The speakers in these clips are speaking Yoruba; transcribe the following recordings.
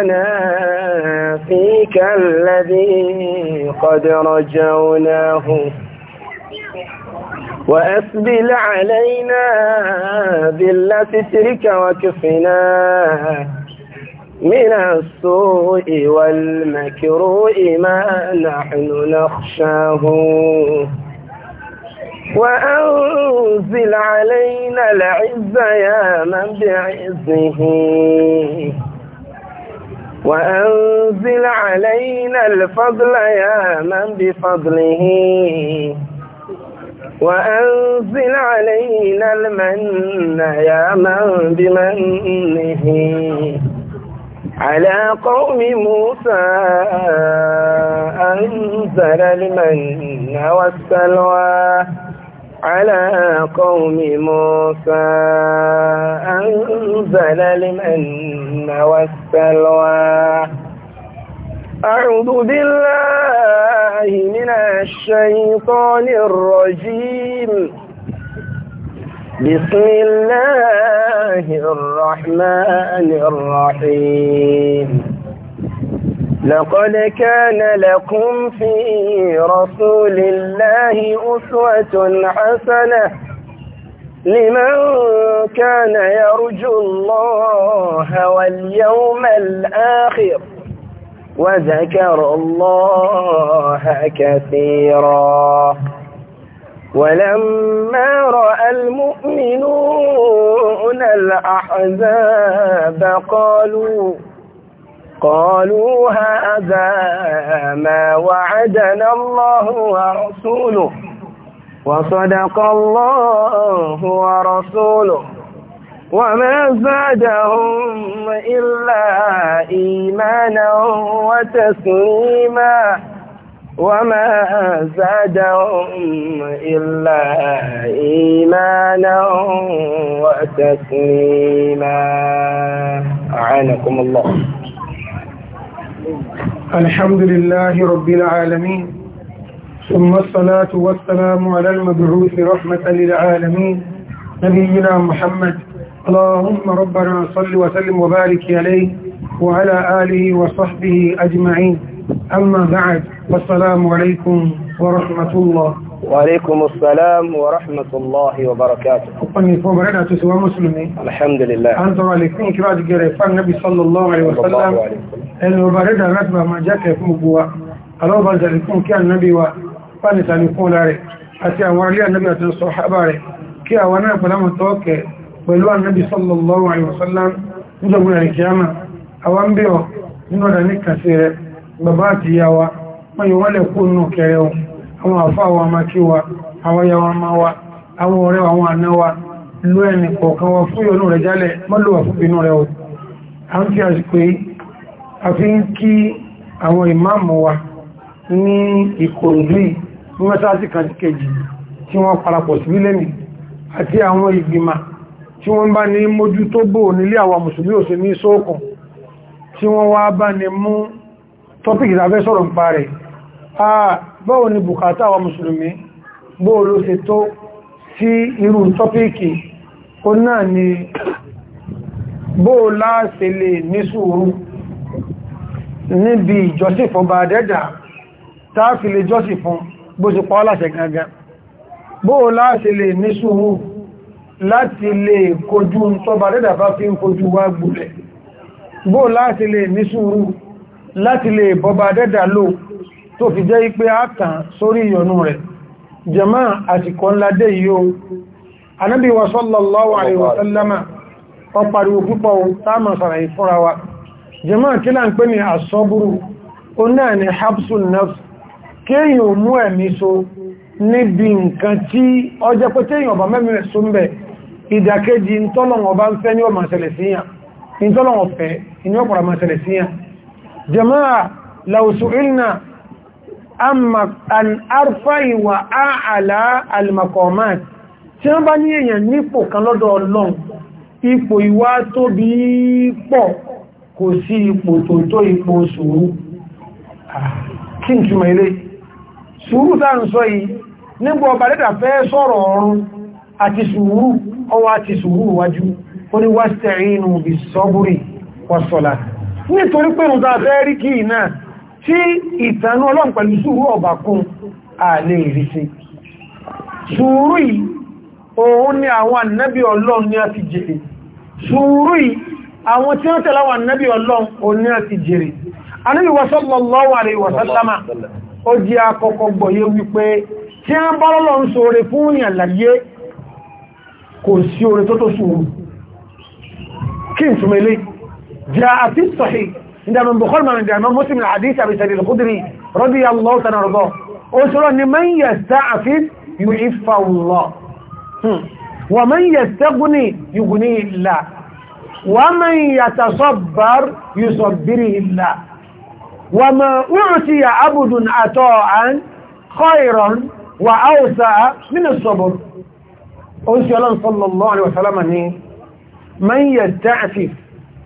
أنا فيك الذي قد رجوناه وأسبل علينا بلا سترك وكفنا من السوء والمكروء ما نحن نخشاه وأنزل علينا العز يا من بعزه وأنزل علينا الفضل يا من بفضله وأنزل علينا المن يا من بمنه على قوم موسى أنزل المن والسلوى على قوم موسى أنزل المن والسلوى أعوذ بالله من الشيطان الرجيم بسم الله الرحمن الرحيم لقد كان لكم في رسول الله أسوة حسنة لمن كان يرجو الله واليوم الآخر وذكر الله كثيرا ولما رأى المؤمنون الأحزاب قالوا قالوا هذا ما وعدنا الله ورسوله وصدق الله ورسوله وما زادهم إلا إيمانا وتسليما وما زادهم إلا إيمانا وتسليما أعانكم الله الحمد لله رب العالمين ثم الصلاة والسلام على المبعوث رحمة للعالمين نبينا محمد اللهم ربنا صل وسلم وبارك عليه وعلى آله وصحبه أجمعين أما بعد والسلام عليكم ورحمة الله وعليكم السلام ورحمة الله وبركاته أني فبرنا تسوى مسلمي الحمد لله أنت وعليكم كراج جريفان النبي صلى الله عليه وسلم أنه برنا رتبة ما جاك يكون بوا ألو بلزلكم كان النبي وفاني سالكم لاري أتي أورلي النبي أتي الصحابة لاري كي أولا فلما توقع ولو النبي صلى الله عليه وسلم نجبنا الكيامة أوان بيو نورا نكسير بباتي يوا ما يوالي يكون نوكيريو àwọn àfá àwọn amákí wa àwọn yàwó ọmọ wa àwọn ọ̀rẹ́ àwọn àná wa ló ẹni kọ̀ọ̀kan wa fún yọnú rẹ̀ jálẹ̀ mọ́lùwà fún bínú rẹ̀ o a ń fi àsìkò a fi ń kí àwọn ìmáàmù wa ní ìkòròdú yìí mọ́sáàtì kan kejì tí wọ́n parapọ̀ sí lẹ́nì àti àwọn ìgbìmà tí wọ́n bá ní mójú tó bò nílé àwọn mùsùlùmí òsè ní sóòkùn tí wọ́n wá bá tọ́pìkì tàbẹ́ sọ̀rọ̀ ń pa rẹ̀ ah, báwo ni bùkátà wa mùsùlùmí bóò ló ṣe tó sí irú tọ́píkì kó náà ni bóò láàṣẹ lè ní sùúrù níbi ìjọsìn fún bá dẹ́dà tààfi lè jọsìn fún bó ṣe pa láṣẹ gangan bóò láàṣẹ lè ní sùúrù láti lè kojú tọ́bà dẹ́dà bá fi ń kojú wá gbùlẹ̀ bóò láàṣẹ lè ní sùúrù láti lè bọba dẹ́dà lóò tó fi jẹ́ ipé àtàn sórí ìyọnú rẹ̀ jẹmá àsìkò ńlá dé yíó anábí wa sallallahu alaihi wasallama ọpariwo púpọ̀ táàmà sàràyí fúnra wa jẹmá kí là ń pè ní àsọ́búrú ó náà ni habsun nafs kéèyàn mú ẹ̀mí so níbi nǹkan tí ọjọ́ ìdàkejì ìtọ́lọ̀wọ̀ bá ń fẹ́ ní ọmọ ìṣẹ̀lẹ̀ síyàn ìtọ́lọ̀wọ̀ fẹ́ ní ọpọ̀rọ̀ ìṣẹ̀lẹ̀ síyàn jẹmáà law su'ilna amma an arfai wa a'ala al-maqamat tí wọ́n bá ní èèyàn nípò kan lọ́dọ̀ Ọlọ́run ipò ìwà tó bí pọ̀ kò sí ipò tó tó ipò sùúrù ah, kí n túnmọ̀ ilé sùúrù tá ń sọ yìí nígbà ọba lẹ́dà fẹ́ sọ̀rọ̀ ọrún àti sùúrù ọwọ́ àti sùúrù wájú ó ní wasta'inu bis-sabri was nítorí pé nùtà fẹ́ rí kí náà tí ìtànú ọlọ́run pẹ̀lú sùúrù ọba kún ààlè ìrísí sùúrù yìí òun ni àwọn ànábì ọlọ́run ní a ti jèrè sùúrù yìí àwọn tí ó tẹ́láwà ànábì ọlọ́run òun ní a ti jèrè ànábì sallallahu alaihi wa sallama ó jẹ́ akọ́kọ́ gbọ́yé wípé tí a bá lọ́lọ́run ṣoore kò sí oore tó tó sùúrù kí n jẹ́ àti sahih عند من بخار من الإمام مسلم الحديث أبي سعيد الخدري رضي الله تعالى رضاه أسرى أن من يستعفف يعف الله ومن يستغني يغنيه الله ومن يتصبر يصبره الله وما أعطي عبد عطاء خيرا وأوسع من الصبر أسرى الله صلى الله عليه وسلم من يستعفف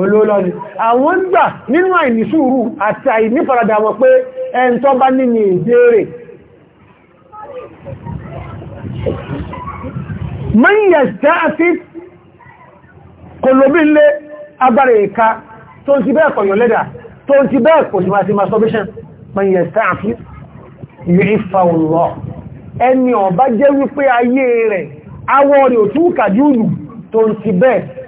olóòlọ́ni àwọn gbà nínú àìnísùúrù àti àìnífaradà wọn pé ẹn tó bá ní ní ìbéèrè mẹ́yẹ̀sẹ̀ àti kòlòmílé agbára ìka tó ń ti bẹ́ẹ̀ kọ̀yàn lẹ́dà tó ń ti bẹ́ẹ̀ kò sí máa ti masturbation àti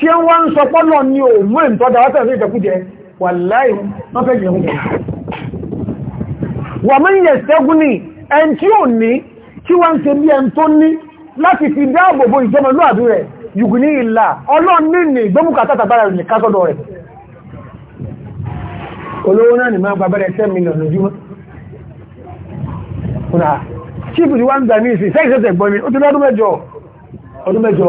tí wọ́n ń sọ pọ́lọ̀ ní òmú ìntọ́dà wátà sí ìjẹkújẹ wà láì wọ́n fẹ́ jẹun jẹ wà mọ́ ìyẹ̀ ṣẹ́gun ní ẹn tí ò ní tí wọ́n ń ṣe bí ẹn tó ní láti fi dáàbòbò ìjọmọlúàbí rẹ̀ yùgù ní ìlà ọlọ́ọ̀nìní gbọ́mùkátà ọdún mẹ́jọ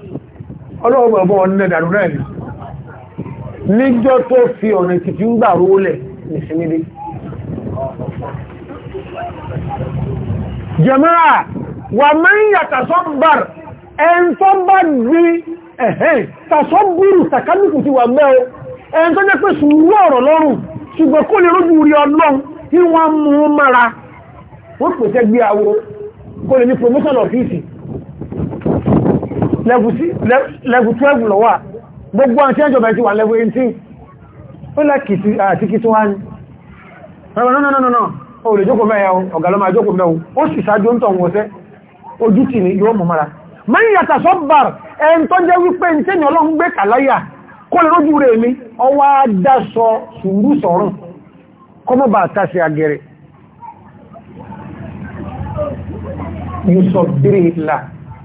ọlọ́ọ̀gbọ̀gbọ̀ ọ̀nà dànù náà ni níjọ́ tó fi ọ̀nà títí ń gbà rólẹ̀ nìsinmídé jẹmọ́ra wà mẹ́yà tàṣọ́bàr ẹn tó bá gbí ẹ̀hẹ́n tàṣọ́bùrù tàkánìkù ti wà mẹ́ ẹn tó jẹ́ pé sùúrù ọ̀rọ̀ mara wọ́n pèsè gbé àwọ kó lè ní level 12 lọ wà gbogbo àwọn tí ẹjọba ti wà level 18 ó lákìtì àti kìtì wá ní ọ̀rọ̀ náà náà náà o lè jókòó mẹ́ẹ̀ ọ̀gá lọ máa jókòó mẹ́ẹ̀ ó sì sáájú ń tọ̀wọ̀ sẹ́ ojú tì ní yóò mọ̀ mara mẹ́rin yàtà sọ́bàr ẹn tó jẹ́ wípé ń tẹ́ni ọlọ́run gbé kàláyà kó lè rójú rẹ̀ mi ọwá dáṣọ sùúrù sọ̀rùn kọmọ bá tàṣì àgẹ̀rẹ̀ yusuf bírí ìlà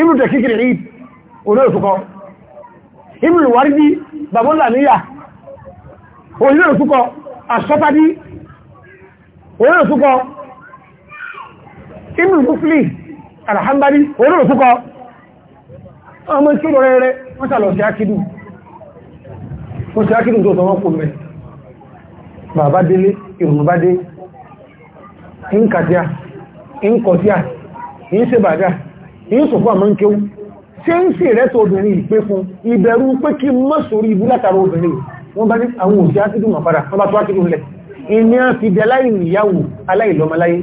inú tẹ̀ kíkiri rí olóòtúkọ inú ìwárídí babọ́lá níyà olóòtúkọ àṣọ́pádí olóòtúkọ inú ìfúfúlì alhambari olóòtúkọ ọmọ ìṣòro rẹ̀ wọ́n sàlọ̀ sí ákìdù wọ́n sí ákìdù tó tọwọ́ kò mẹ́ bàbá délé ìrùnbá ń kàtíà ń ń ṣe ìyúsùfún àmọ́ ń kéwú ṣe ń sì rẹ́ tó obìnrin ìpé fún ìbẹ̀rù pé kí mọ́ sórí ibú látara obìnrin wọ́n bá ní àwọn òṣì ákìdù mà padà wọ́n bá tó ákìdù lẹ̀ ìní a fi dẹ láì níyàwó aláìlọ́mọláyé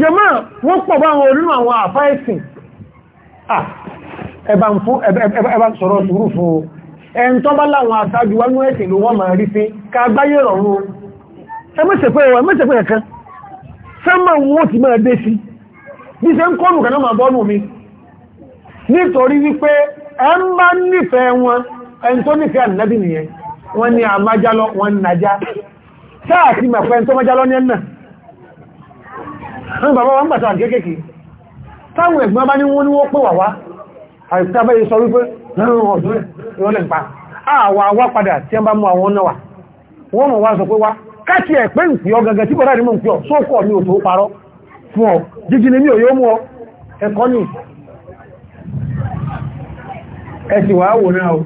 jẹmọ́ wọ́n pọ̀ bá wọn olú àwọn àfá ẹ̀sìn ẹ̀bá sọ̀rọ̀ sùúrù fún ẹ̀ntọ́ bá láwọn aṣáájú wánú ẹ̀sìn ló wọ́n máa rí sí ká gbáyé rọ̀rùn ẹ mẹ́sẹ̀pẹ́ ẹ̀wà mẹ́sẹ̀pẹ́ ẹ̀kan sẹ́mọ̀ wọn ti máa dé sí bí ṣe ń kọ́nù kaná máa bọ́nù mi nítorí wípé ẹn bá nífẹ̀ẹ́ wọn ẹn tó nífẹ̀ẹ́ ànìyàn nìyẹn wọ́n ní àmájálọ́ wọ́n nàjá tó májálọ́ wọn tí náà wọ́n mọ̀ wá sọ pé wá káàkì ẹ̀pẹ́ ìpì ọ gẹ́gẹ́ tí bọ́dá ní mọ̀ ń pí ọ sókọ̀ ní òtò parọ́ fún ọ jíjí ni mí ò yóò mú ọ ẹ̀kọ́ ní ẹ̀sì wà wò náà o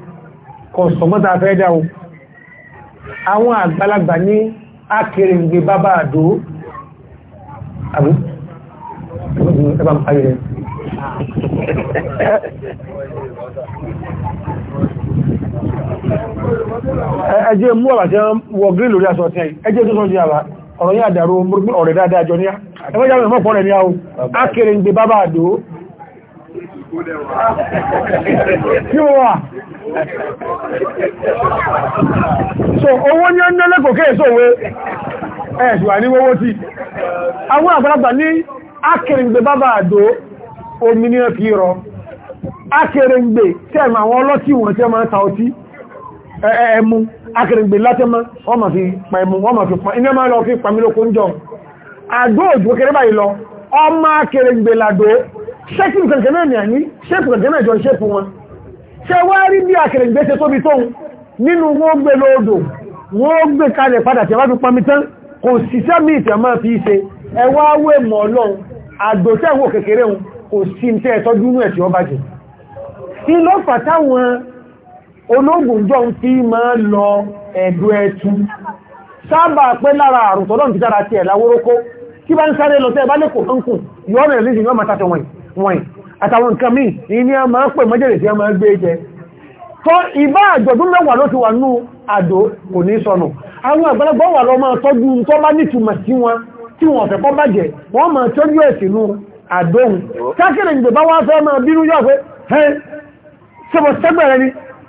kọ̀ sọmọ́ta fẹ́ dá o àwọn àgbàlagbà ní akèrèǹgbè bábá àdó àbú ẹbá ń ẹjẹ́ mú ọ̀rà tí wọ grí lórí aṣọ tí ẹjẹ́ tó sọ ọ̀rọ̀ yá àdàrú ọ̀rẹ́ dáadáa jọ ní ẹgbẹ́jà mẹ́fọ́ pọ̀rẹ̀ ní àwọ akẹrẹ ìgbé bábá àdó so àdó tẹ́ẹ̀mà àwọn ọlọ́tí wọn tẹ́ẹ̀mà ta ẹ̀ẹ̀mú akẹrẹgbè látẹ́mọ́ wọ́n ma fi pa wọ́n ma fi pa iná máa lọ fi pa mílò kún jọ àdó òjò kéré báyìí lọ ọmọ akẹrẹgbè làdó ṣẹ́kì kẹ̀kẹ́ náà ní àní ṣẹ́kì kẹ̀kẹ́ náà jọ ṣẹ́kù wọn ṣe wá rí bí akẹrẹgbè ṣe tóbi tóun nínú wọ́n gbé lóòdò wọ́n gbé kalẹ̀ padà ológun jọ ń fi máa lọ edo ẹ̀tù sábà pé lára àrùn ti dára ti ẹ̀lá wórókó kí bá ń sáré lọ tẹ́ bá lè kò tàtọ̀ àtàwọn nǹkan a máa pè mọ́jẹ̀rẹ̀ tí a máa gbé jẹ tọ́ ìbá àjọ̀dún mẹ́wàá ló ti wà ní àdó kò ní sọnù àwọn àgbàlagbà wà lọ máa tọ́jú tó bá nítumọ̀ sí wọn tí fẹ́ kọ́ bàjẹ́ wọ́n máa tọ́jú ẹ̀sìnú àdóhun ìgbẹ̀bá wá fẹ́ máa bínú pé ẹ́ ni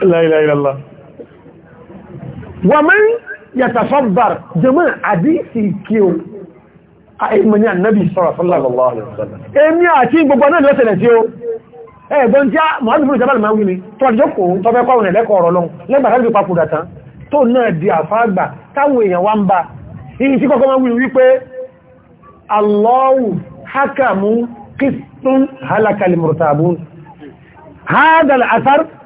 la ilaha illallah wa man yatasabbar jama hadisi kiyo a imani annabi sallallahu alaihi wasallam èmi àti gbogbo na lo ṣẹlẹ̀ tí ó e gbon ja muhammad bin jabal mawi ni tó jókòó tó fẹ́ ko ne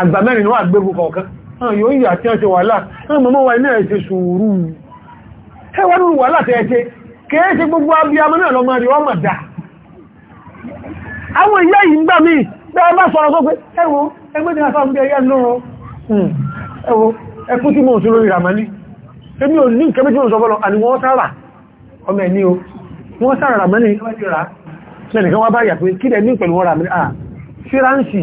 àgbà mẹ́rin ní wà gbégbò kọ̀ọ̀kan yóò yà tí wọ́n ṣe wà láà mọ́mọ́ wa iná ẹ̀ṣẹ̀ sùúrù ẹwọ́n ní wà láti ẹ̀ṣẹ̀ kìí ṣe gbogbo abiyamọ náà lọ máa rí wọ́n mọ̀dá àwọn ìyá yìí ń gbà mí bẹ́ẹ̀ bá sọ̀rọ̀ sọ pé ẹwọ́ ẹgbẹ́ ti àfáà ń bí ẹyẹ lọ́rọ̀ ẹwọ́ ẹkú tí mo ń sọ lórí ramani èmi ò ní nǹkan méjì mo sọ fọ́lọ àni wọ́n sára ọmọ wọ́n sára ramani lẹ́nìkan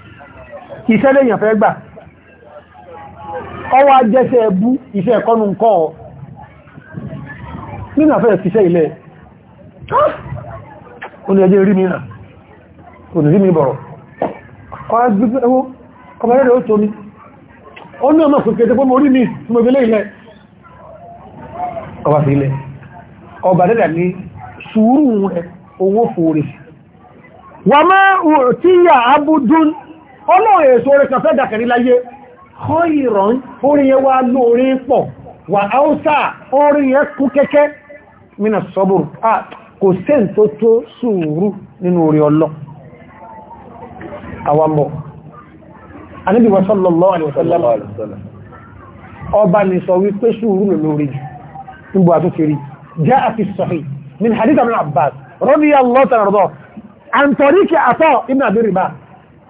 iṣẹ́ lèyàn fẹ́ gbà ọwọ́ ajẹ́ṣẹ́ ẹbú iṣẹ́ ẹ̀kọ́nù ń kọ́ ọ nínú àfẹ́ ìṣẹ́ ilẹ̀ ó rí mìíràn kò ní rí mi bọ̀rọ̀ ọmọdé ní mi sùúrù rẹ̀ owó fòrè wà máa tí yà ọlọ́run èso orin kan fẹ́ dàkẹ̀rí láyé kọ́ ìrọ̀n orin yẹn wá lórí pọ̀ wà áúsà orin yẹn kú kẹ́kẹ́ mina sọ́bùrù kò sẹ́n tó tó sùúrù nínú orí ọlọ́ àwambọ̀ Ànábì sallallahu alaihi wasallam ọba ni sọ wípé sùúrù lórí jù níbo àtúkiri jaa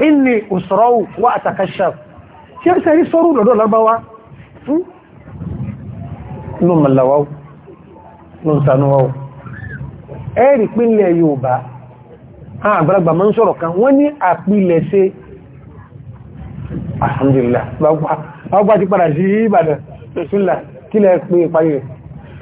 inni usrau wa atakashaf ṣe ń sẹ́rí sọ́rọ̀ lọ́dọ̀ lọ́gbáwá ló mọ̀láwáwó ló sànúwáwó ẹ̀rì pínlẹ̀ Yorùbá àgbàlagbà ma ń sọ̀rọ̀ kan wọ́n ní àpilẹ̀ ṣe alhamdulillah bá gbá ti padà sí Ìbàdàn lọ́sùnlá kílẹ̀ pé ìparí rẹ̀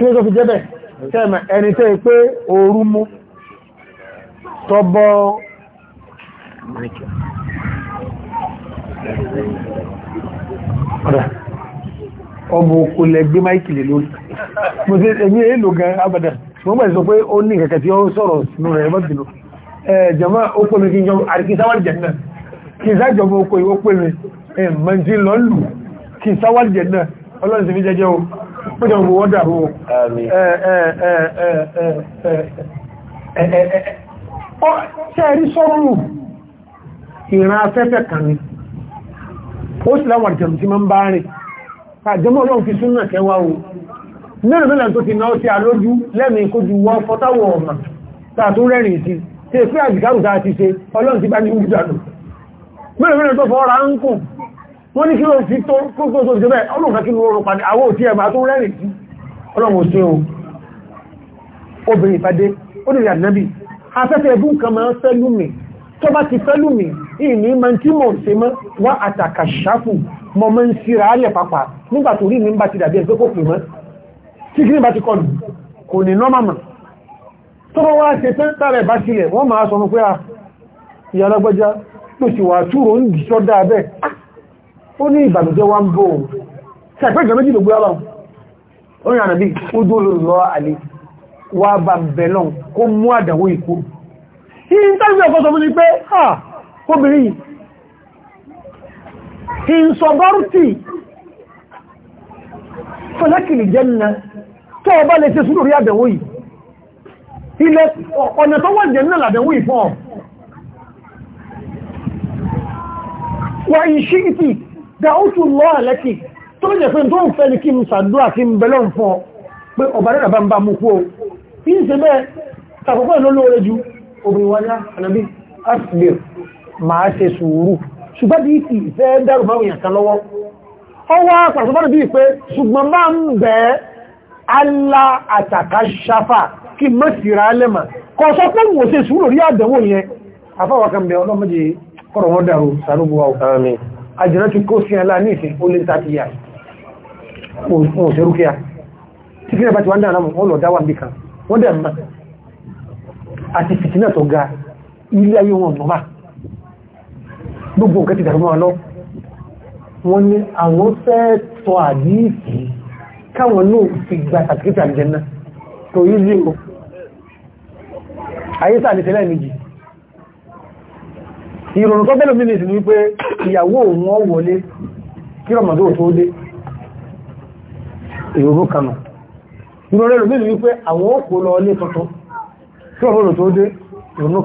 kí ló fi jẹ́bẹ̀ tẹ́ẹ̀mẹ̀ ẹni tẹ́ pé ooru mú tọ́bọ́ ọmọ òkú lẹ́gbẹ́ máìkì lè lórí mo sí ẹ̀mí èlò gan abàdà mo mọ̀ sọ pé ó ní kẹ̀kẹ́ tí ó sọ̀rọ̀ sínú rẹ̀ mọ́bìnú ẹ̀jọ̀mọ́ ó pè mi kí n jọ àríkísáwàlì jẹ̀ náà kí n sájọba oko ìwó pè mi ẹ̀mọ́ tí lọ́lù kí n sáwàlì jẹ̀ náà ọlọ́run sì fi jẹ́jẹ́ o pẹ́jọ mú wọ́n dàrú ṣẹ́rí sọ́rùn ìran afẹ́fẹ́ kan ni ó sì láwọn àjẹ̀mù tí máa ń bá rìn àjẹmọ́ ọlọ́run fi súnnà kẹwàá o mẹ́rin mẹ́rin tó ti náà sí alójú lẹ́mìí kójú wọ́n fọ́táwọ̀ ọ̀mà tààtún rẹ̀rìn sí tí èfẹ́ àjìkárù dáa ti ṣe ọlọ́run ti bá ní ìjànù mẹ́rin mẹ́rin tó fọ́ ra ń kùn wọ́n ní kí ló sí tó kókó tó jẹ́bẹ̀ ọlọ́nà kí ló rọrùn padà àwọ́ òtí ẹ̀mà tó rẹ́rìn sí ọlọ́run sí o obìnrin ìpàdé onílẹ̀ ànábì afẹ́fẹ́ ẹbú kan máa fẹ́lú mi tó bá ti fẹ́lú mi ìní ma tí mọ̀ sí mọ́ wá àtàkà ṣáfù mọ́ mọ́ ń síra alẹ̀ papà nígbà tó rí mi bá ti dàbí ẹgbẹ́ kò pè mọ́ tí kí ní bá ti kọlù kò ní nọ́màmà tó bá wá ṣe tán tààrẹ bá sílẹ̀ wọ́n máa sọ fún pé ah, ìyálọ́gbọ́já ó ní ìbànújẹ́ wá ń bò ó ṣẹ̀fẹ́ ìjọ méjì lògbé ọlọ́run ó rìn ànàbí ó dúró lọ àlè wá bá ń kó mú àdàwó ìkú ni pé à obìnrin yìí ìsọ̀bọ́rùtì fọlákìlì jẹ́nà tó ọba lè ṣe sùúrù rí àdàwó yìí ilẹ̀ ọ̀nà tó wà jẹ́ náà làdàwó yìí fún wà ìṣíkìtì dáútù lọ́ àlẹ́kì tó jẹ́ fẹ́ tó ń fẹ́ ní kí n sàdúrà kí n bẹ̀lọ́ fún ọ pé ọba rẹ̀ bá ń bá mú kú o kí n ṣe bẹ́ẹ̀ tàkọ́kọ́ ìlólóore ju obìnrin wáyá ànàbí asbir máa ṣe sùúrù ṣùgbọ́n bí i fẹ́ dárò bá òyìn kan lọ́wọ́ ọwọ́ pàṣẹbọ́n bí i pé ṣùgbọ́n máa ń bẹ́ alá àtàkà ṣafà kí mọ́ síra lẹ́mà kọ̀ sọ pé wò ṣe sùúrù rí àdánwò yẹn afáwọ̀kan bẹ̀ ọlọ́mọdé kọ̀rọ̀ wọ́n dàrú sàrúgbọ́ àjìnà ti kó sí àlá ní ìsìn ó lé tàbí yà fún òṣèrú kíá tí fínà bá ti wá ń dára wọn lọ dáwà bí kan wọ́n dẹ̀ mọ́ àti fìtínà tó ga ilé ayé wọn mọ́má gbogbo nǹkan ti dàrúmọ́ lọ wọ́n ní àwọn fẹ́ tọ́ àdíìsì káwọn náà fi gba sàkítà jẹ́ náà tó yí sí o ayé sáà ìròyìn tó bẹ́lẹ̀ mílíọ̀sì ní ìyàwó òun wọlé kí ọmọdé ò tó dé èrò kanà ìròyìn rẹ̀ mílíọ̀sì wípé àwọn òkú lọ ilé tuntun kí ọmọdé tó dé èrò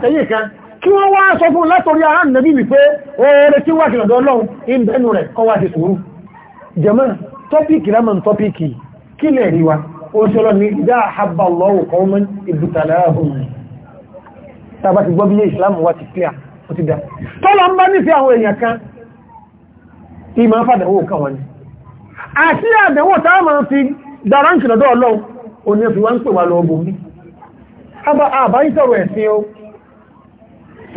kanà kí wọ́n wá sọ fún látorí ara wípé tí wà kìlọ̀dọ̀ ọlọ́run rẹ̀ tọ́pìkì náà mọ̀ tọ́pìkì kí lè rí wa ó ṣe lọ ní ìdá àhábà lọ́wọ́ kọ́ọ̀mọ́ ìbùtàlá ọ̀hún tàbá ti gbọ́ bí yé ìsìlámù wá ti clear ó ti dá tọ́lọ ń bá nífẹ́ àwọn èèyàn kan ìmọ̀ fàdàwò kan wọn ni àti àdẹ̀wò táà máa fi dáráǹkì lọ́dọ̀ ọlọ́run ò ní fi wá àbá ń sọ̀rọ̀ ẹ̀sìn o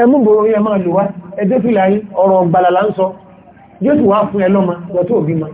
ẹmú gbòòrò yẹ máa lò wá ẹdẹ́fìlà ọ̀rọ̀ gbàlà là ń sọ yóò sì wá fún ẹ lọ́mọ lọ́tọ́ òbí máa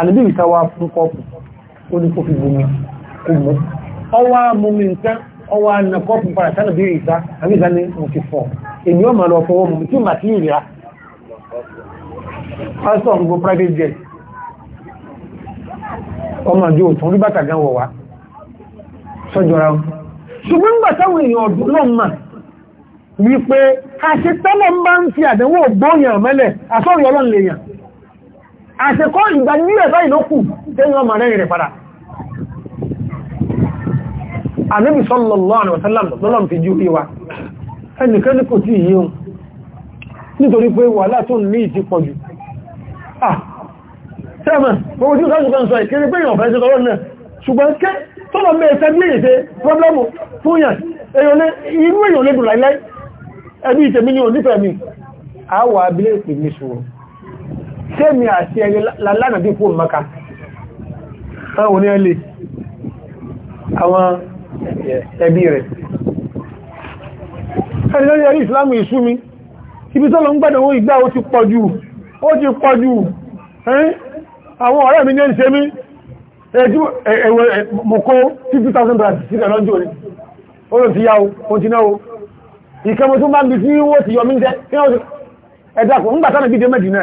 àlébí ìtawà fún kọ́pù ó ní kó fi bomi kó mú ọwá mumi nǹkan ọwá na kọ́pù padà sánà bí ìta àbí ìta ni mo ti fọ́ èmi ọmọ lọ fọwọ́ mú tí mà sí ìrìá pásítọ̀ ń go private jet ọmọ àjò òtún rí bàtà gan àṣekọ́ ìgbà nílẹ̀ báyìí ló kù tẹ́yìn ọmọ rẹ̀ rẹ̀ padà ànábì sallallahu alaihi wasallam lọ́lọ́m fi jú ìwà ẹnìkẹ́ni kò tí yíò nítorí pé wà látò ní ìtí pọ̀jù tẹ́mà ah, gbogbo tí ó sáàjú kan sọ ìkiri pé èyàn fẹ́ sí lọ́rọ̀ náà ṣùgbọ́n kẹ́ tọ́lọ mẹ́ ẹ̀sẹ̀ bí èyàn ṣe pọ́blẹ́mù fún yàn inú èyàn lè dùn láìláì ẹbí ìtẹ̀mí ni ò nífẹ̀ẹ́ mi àwọ̀ abilé ìpínlẹ̀ ṣòro sẹ́mi àti ẹni lálànà bí fún maka àwọn oní ẹlẹ́ àwọn ẹbí rẹ̀ ẹni lórí ẹ̀rí ìsìlámù ìsúmi ibi tó lọ ń gbẹ́dẹ̀ owó ìgbà ó ti pọ̀ jù ó ti pọ̀ jù àwọn ọ̀rẹ́ mi ní ń ṣe mí mọ̀kó 50,000 brand sílẹ̀ lọ́jọ́ rẹ̀ ó lọ ti yáwó ó ti náwó ìkẹ́mọ̀ tó bá ń bí sí wó ti yọ mí jẹ́ ẹ̀dàkùn ń gbàtánà bí dé mẹ́dínà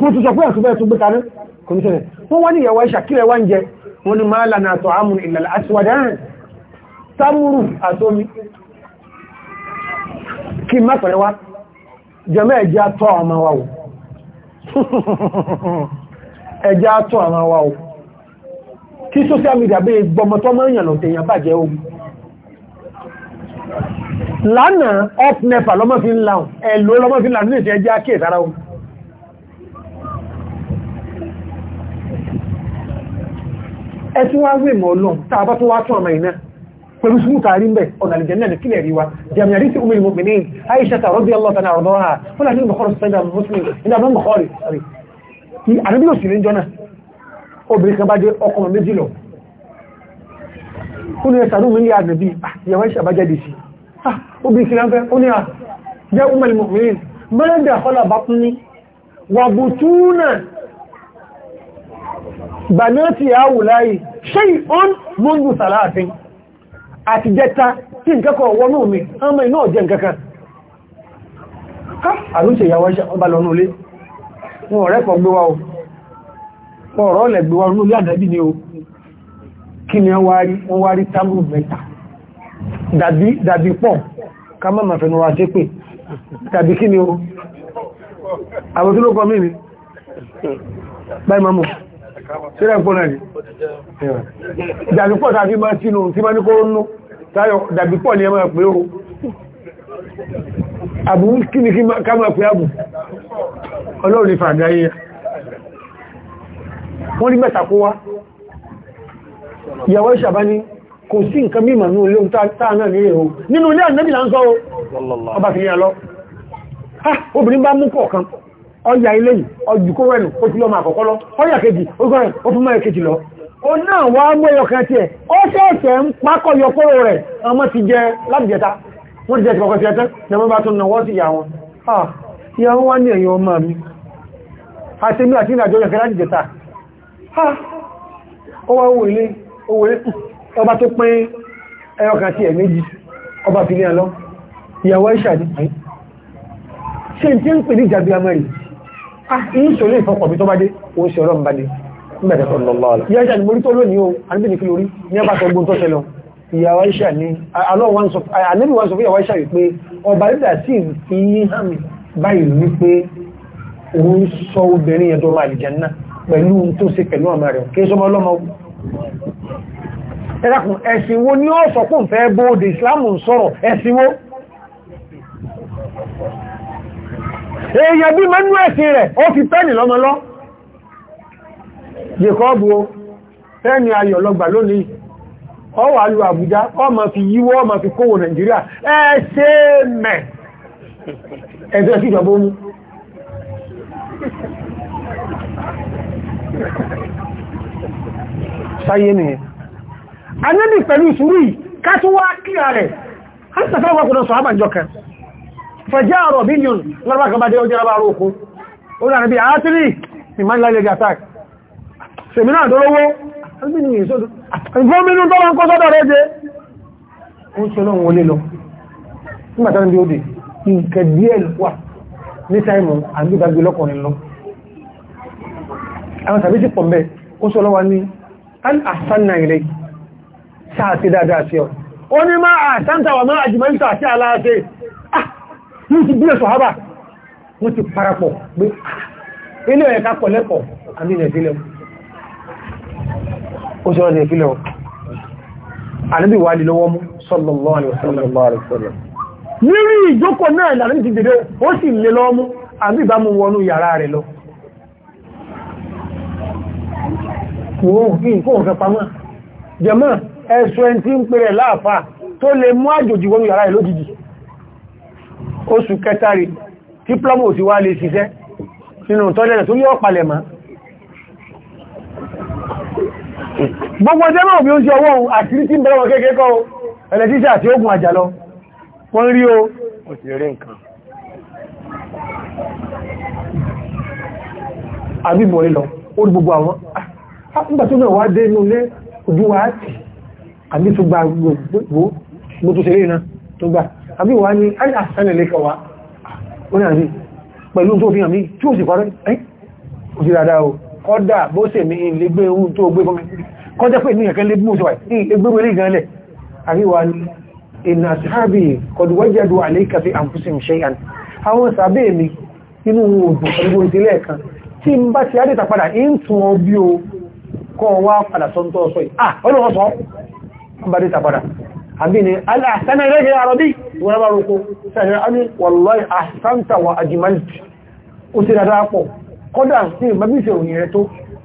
kó tó sọ pé àtúbẹ̀ tó gbé kaní kò ní sẹ́rẹ̀ wọ́n wọ́n ní ìyàwó ìṣàkílẹ̀ wá ń jẹ wọ́n ni máa lànà àtọ̀ àmùn ìlàlá àtiwàdáhàn sámúrù àtómi kí má pẹ̀rẹ̀ wá jẹmọ́ lánàá up nepa lọ́mọ́ fi ń láun ẹ̀lò lọ́mọ́ fi ń láun ní ìṣẹ́ ẹja kí ìsára ohun ẹtí wá wé mọ̀ lọ́n tàbá tó wá tún ọmọ ìná pẹ̀lú súnmù tààrí ń bẹ̀ ọ̀nà àlìjẹ̀nà ní kílẹ̀ rí wa jẹ́mìyàrí sí umar mọ̀mìnì Aisha tààrọ́bí ọlọ́ta náà ọ̀dọ́ ha fún àti ìbùkọ́rọ̀ sẹ́dà muslim ní àbọ̀ mọ̀kọ́rì rí kí àdúgbò yóò sì ní jọ́nà obìnrin kan bá jẹ́ ọkọ̀ méjì lọ ó ní ẹ̀sàdù mi bànáàtì àwùláyì ṣe ìhún múndù sàláàfin àti jẹta tí nkẹ́kọ̀ wọnú mi ọmọ iná jẹ nkẹ́kẹ́ àrúnṣe ìyàwó ọba lọ́nà olé wọn ọ̀rẹ́ pọ̀ gbé wa o ọ̀rọ̀ ọ̀lẹ̀ gbé wa ní olé àdábì ni o kí ni wọ́n wá rí tábùrù mẹ́ta dàbí dàbí pọ̀ ká má màfẹ́ nọ́ra sílẹ̀ ń pọ́nà ní ìdàbípọ̀ tàbí máa sínú tí máa ní kó rúnnú táyọ̀ dàbípọ̀ ní ẹmà pé o àbú kí ní ká máa pé àbù ọlọ́run ìfàgáyé wọ́n ní mẹ́ta kó wá ìyàwó ìṣàbá ní kò sí nǹkan mímọ̀ ní olóhun táà náà nílé o nínú ilé ànẹ́bì là o ọba fi ní àlọ́ obìnrin ọya ilé yìí ọjùkó rẹ̀nù ó ti lọ máa kọ̀kọ́ lọ ọya kejì ó gọ́rẹ̀ ó fún mẹ́rẹ̀ kejì lọ ó náà wá mọ́ ẹyọkan tí ẹ̀ ó ṣẹ̀ṣẹ̀ ń pákọ̀ yọkóró rẹ̀ ọmọ ti jẹ lábìjẹta wọ́n ti jẹ ti kọ̀kọ́ ti ẹ̀tẹ́ ni wọ́n bá tún náà wọ́n sì yà wọn ìyá wọn wá ní ẹ̀yìn ọmọ mi àti mi àti ìrìnàjò yọkẹ́ lábìjẹta ó wá wò ilé owó ọba tó pín ẹyọkan tí ẹ̀ méjì ọba fi ní ẹ lọ ìyàwó ìṣàdí ṣe tí ń pè ní jàbí amẹ́rin ìṣòro ah, ìfọkọ̀ mi tó bá dé o ń ṣe ọ̀rọ̀ mbadé mẹ́rẹ̀ sọ̀lọ̀lọ́lọ́ yẹ́ṣà ni mo rí tó lónìí o àníbì ní kí lórí ní ẹbá sọ ogun tó ṣẹlọ ìyàwó iṣẹ́ ni alẹ́bí wọn sọ fún ìyàwó iṣẹ́ wípé ọba dídà sí fi hàn báyìí wípé òun sọ obìnrin yẹn tó máa àlìjànnà pẹ̀lú tó ṣe pẹ̀lú ọmọ èèyàn bí mẹ́nu ẹ̀sìn rẹ̀ ó fi pẹ́ẹ̀nì lọ́mọlọ́ jẹ́kọ́bù pẹ́ẹ̀nì ayọ̀ lọ́gbà lónìí ọ wà lù Àbújá ọ ma fi yíwọ́ ọ ma fi kówò Nàìjíríà ẹ̀ṣẹ́ mẹ́ ẹ̀ṣẹ́ sí ìjọba mú sáyé nìyẹn anẹ́bì pẹ̀lú ìṣúrí kátúwá kíra fẹjá ọ̀rọ̀ bílíọ̀n lọ́rọ̀ kan bá dé oúnjẹ rọ́bà rókú ó rà níbi àátírì ní manila lagos attack seminar dọ́rọ́wọ́ gómìnà tó wọ́n kọ́ sọ́dọ̀ rẹ̀ jẹ́ ó ń ṣọ́lọ́ wọlé lọ nígbàtà níbi òdì nǹkan díẹ̀ wà ní simon àgbégbàgbé lọ́kùnrin lọ àwọn tàbí sí pọ̀m̀bẹ̀ ó ṣọ́lọ́ wa ní ọ ó ní máa máa àjìmọ́ ìtà aláàṣẹ́ ní ti bílẹ̀ sọ̀hábà wọ́n ti parapọ̀ pé ah, ilé ẹ̀ka kọ̀lẹ́kọ̀ àmì nẹ̀fílẹ̀ ó sọ́rọ̀ nẹ̀fílẹ̀ ànábì wà ní lọ́wọ́ mú sallallahu alaihi wasallam nírí ìjókòó náà ìlànà ti dèrè ó sì lè lọ́wọ́ mú àmì ìbámu wọnú yàrá rẹ̀ lọ jẹ́mọ́ ẹ̀sùn ẹni tí ń pèrè láàfà tó lè mú àjòjì wọnú yàrá rẹ̀ lójijì oṣù kẹtàrí tí plọ́mù ti wá lè ṣiṣẹ́ nínú tọ́lẹ̀nà tó yọ́ palẹ̀ máa gbogbo jẹ́mọ̀ bí ó ń ṣe ọwọ́ àti tí ń bẹ̀rẹ̀ kéèkéé kọ́ ẹlẹ́tíṣà àti ogun àjà lọ wọ́n rí o òṣèré nǹkan àbíbọ̀rí lọ ó rí gbogbo àwọn ah, nígbà tó náà wá dé inú ilé ojú wa á tì àbí tó gba gbogbo gbogbo tó ṣeré náà tó gbà àbí wà ní àìsàn ah, ẹ̀lẹ́kọ̀ wá orí àrí pẹ̀lú tó fi hàn mí tí ó sì parẹ́ ẹ́ ó sì dáadáa o kọ́dà bó sì mi lè gbé ohun tó gbé fọ́mí kọ́jẹ́ pé ní ẹ̀kẹ́ lè mú síwáì ní ẹgbẹ́rẹ́ lè gan lẹ̀ àríwá ni ìnà sáàbì kọ̀dùwẹ́jẹ̀dù àlékàfí àǹfúsìm ṣeyan àwọn sàbẹ́ mi inú òògùn pẹ̀lú ìdílé ẹ̀kan tí ń bá ti adẹ́ta padà ń tún ọ bí o kọ́ wá ah ọlọ́wọ́ sọ́ ń bá adẹ́ta padà àbí ni aláàtánà ilẹ̀ àrọ̀bí wọ́n bá roko sẹ́yìn a ní wallahi ahsanta wa ajmalta ó ti dáadáa pọ̀ kọ́dà sí ìmọ́bíṣẹ̀ òyìn rẹ tó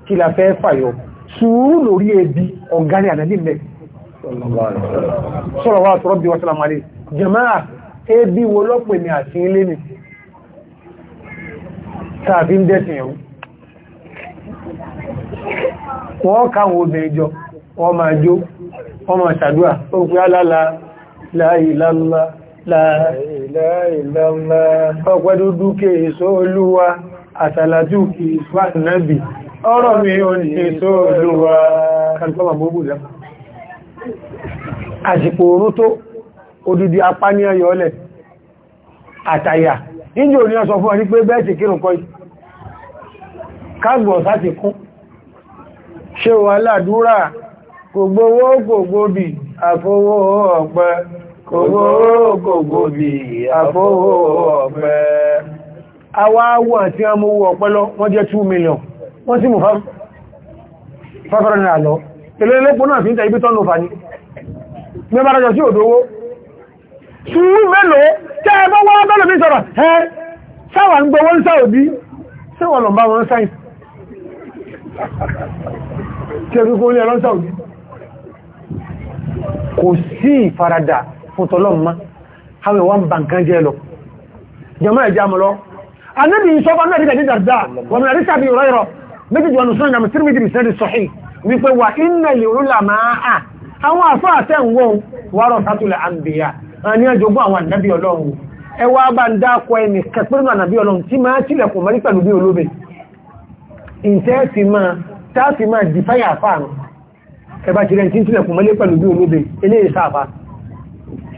kí la fẹ́ fàyọ sùúrù lórí ẹbí ọ̀gárí àdàdì mẹ́ sọ́rọ̀ wà tọ́rọ̀ bí wọ́sán àmàlẹ́ jẹmáà ẹbí wo lọ́pẹ̀ ní àti ó pé alálàá láìláàlá láìláìlọ́mà ọpẹ́ dúdú kí èso olúwa àtàlàjú kí ìsúwà nẹ́bì ọ̀rọ̀ mi ò ní èso olúwa kàrùkọ́mà mọ́bù lẹ́ àsìkò orú tó odidi apá ní ọyọ́lẹ̀ àtàyà níjò ní ọsọ fún ọdí pé bẹ́ẹ̀sì kírùn kọ́ kágbọ̀ sáti kún ṣe wà ládúrà kò gbówó àfowó ọ̀pẹ́ owó gògòbì àfówó ọ̀pẹ. àwa wọ̀ tí wọ́n mú owó ọ̀pẹ lọ wọ́n jẹ́ 2 million wọ́n sì mú 500 naira lọ èlé elépo náà fi ń tẹ ibi tọ́nù fà ní mẹ́bàrájọ sí òdówó ṣúú mélòó tẹ́ ẹgbọ́ wọ́n bẹ́lò mi sọ̀rọ̀ ẹ́ sáwà ń gbowó ń sá òbí sáwà lọ bá wọn sáyìn kí ẹgbẹ́gbẹ́ olè ọlọ́sà kò sí ìfaradà fún tọ́lọ́mù má àwọn ìwọ́n bá nǹkan jẹ́ lọ jẹmọ́ ẹ̀jẹ́ àmọ́lọ́ anábì ìṣọ́bà náà dídà dídà dáa wọ́n mẹ́rin àríṣà bí rọ́rọ̀ méjìdì wọn sọ́nà àmì sírìmìdì ìṣẹ́dì sọ́hì wípé wà iná lè rúlà máa àwọn àfáà tẹ́ ń wọ́n wárọ̀ sátúlẹ̀ àǹbìyà àní àjogún àwọn ànábì ọlọ́run ẹ wá bá ń dákọ ẹni kẹpẹ́rún ànábì ọlọ́run tí máa tilẹ̀kùn mọ́rí pẹ̀lú bí olóbe ìtẹ́ fi máa tá fi máa dìfáyà àfáà ẹ bá tilẹ̀ tí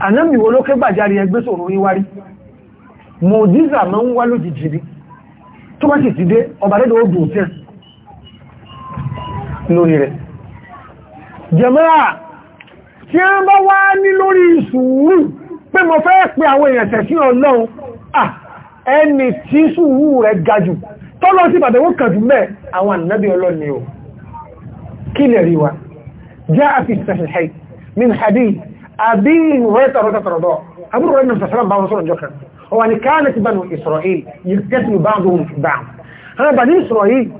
ànábì wo ló ké bàjáre ẹgbẹ́ sọ̀rọ̀ oríwárí mọ̀jíza ma ń wá lójijì rí tó bá sì ti dé ọba rẹ̀ ó dùn sí lórí rẹ̀ jẹmọ́ra tí a bá wá ní lórí sùúrù pé mo fẹ́ pé àwọn èèyàn tẹ̀sí ọlọ́run ẹni tí sùúrù rẹ̀ gajù tọ́lọ أبي هريرة رضي الله أبو هريرة صلى الله عليه وسلم بعض صورة جوكر هو أن كانت بنو إسرائيل يقتل بعضهم في بعض هنا بني إسرائيل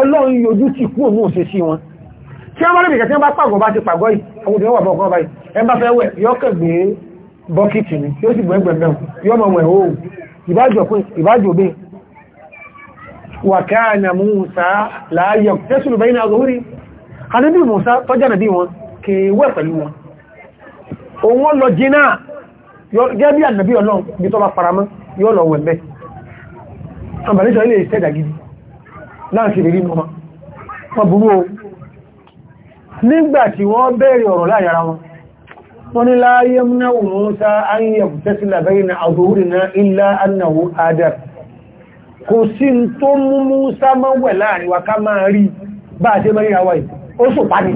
ọlọ́run yóò ti kú òun òṣèṣí wọn tí a máa lẹ́bìí kẹtí wọ́n bá pàgọ́ bá ti pàgọ́ yìí àwọn òdíwọ́n wà bọ́ọ̀kọ́ báyìí ẹn bá fẹ́ wẹ̀ yọ́ kẹgbẹ́ bọ́kìtì ni yóò sì gbẹ̀gbẹ̀mẹ̀rún yọ́ mọ̀ wẹ̀ oòrùn ìbájọ̀kún ìbájọ̀bẹ̀ وكان موسى لا يقتصل بين ظهوري هذا موسى تجنبي وان كي ورقلوا òun lọ jìnà gẹ́gẹ́ bí ànàbí ọlọ́run bí tọ́ bá faramọ́ yóò lọ wẹ̀mẹ́ àbàlẹ́sọ̀ ilé ìṣẹ́dà gidi láti rí mọ́má wọ́n burú o nígbàtí wọ́n bẹ̀rẹ̀ ọ̀rọ̀ láyára wọn wọ́n ni láyé mná òmúnsá ayyàm tẹ́sílà bẹ́yìn na àzúhúrì náà ilá annahu adar ó sùn pàdé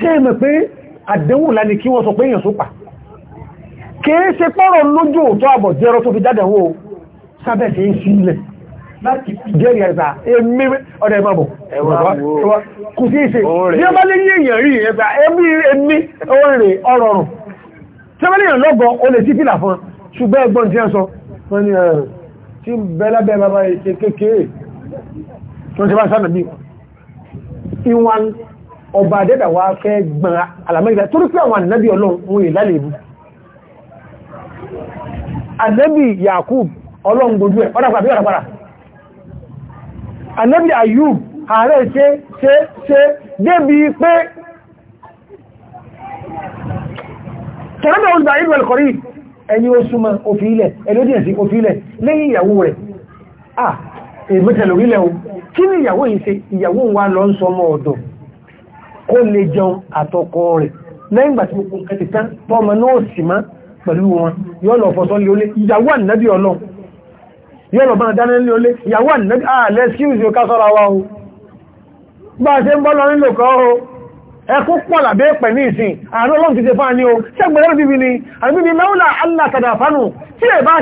ṣe àdéhùn lá ní kí wọ́n sọ pé èèyàn sópa kìí ṣe pọ́rọ̀ lójú òtọ́ àbọ̀ jẹ́rọ tó fi jáde wó sábẹ̀ sí ń sílẹ̀ jẹ́rì ẹ̀ta èmi ọ̀dẹ̀ ìmọ̀bọ̀ kù sí ìṣe ní ọba lè yí èèyàn rí ẹ̀ta èmi èmi orin ọrọ̀rùn tí ọba lè yàn lọ́gọ o lè sí fìlà fún ṣùgbọ́n ẹgbọ́n tí ẹ sọ wọ́n ni ẹ̀rùn tí bẹ́lábẹ́ bàbá ọba adẹ́dà wá fẹ́ gbọ́n alamẹ́gbẹ̀ torí pé àwọn ànábì ọlọ́run wọ́n yìí Yakub ọlọ́run gbójú ẹ̀ ọ̀dàpàdà bí ọ̀dàpàdà ànábì Ayub ààrẹ ṣe ṣe ṣe débi pé kẹrẹ́bẹ̀ oúnjẹ ìlú ẹ̀kọ̀rí ẹni ó súnmọ́ òfìílẹ̀ ẹlódíẹ̀sí òfìílẹ̀ lẹ́yìn ìyàwó rẹ̀ ah èmìtẹ̀lórílẹ̀ o kí ni ìyàwó yìí ṣe ìyàwó wa lọ kó lè jẹun àtọkọ rẹ̀ lẹ́yìn ìgbà tí mo kún kẹtì tán tọ́mọ náà sì má pẹ̀lú wọn yóò lọ fọ́sọ́ lé olé ìyàwó ànábì ọlọ́ yóò lọ bọ́n dáná lé olé ìyàwó ànábì ààlẹ́ ah, síwìsì ó kásọ́ra wa o bá a ṣe ń bọ́ lọ nílò kọ́ o ẹkún pọ̀ làbẹ́ pẹ̀ ní ìsìn ààrẹ ọlọ́run ti ṣe ni àbí ni láúlà allah tàdàfánù tí ẹ bá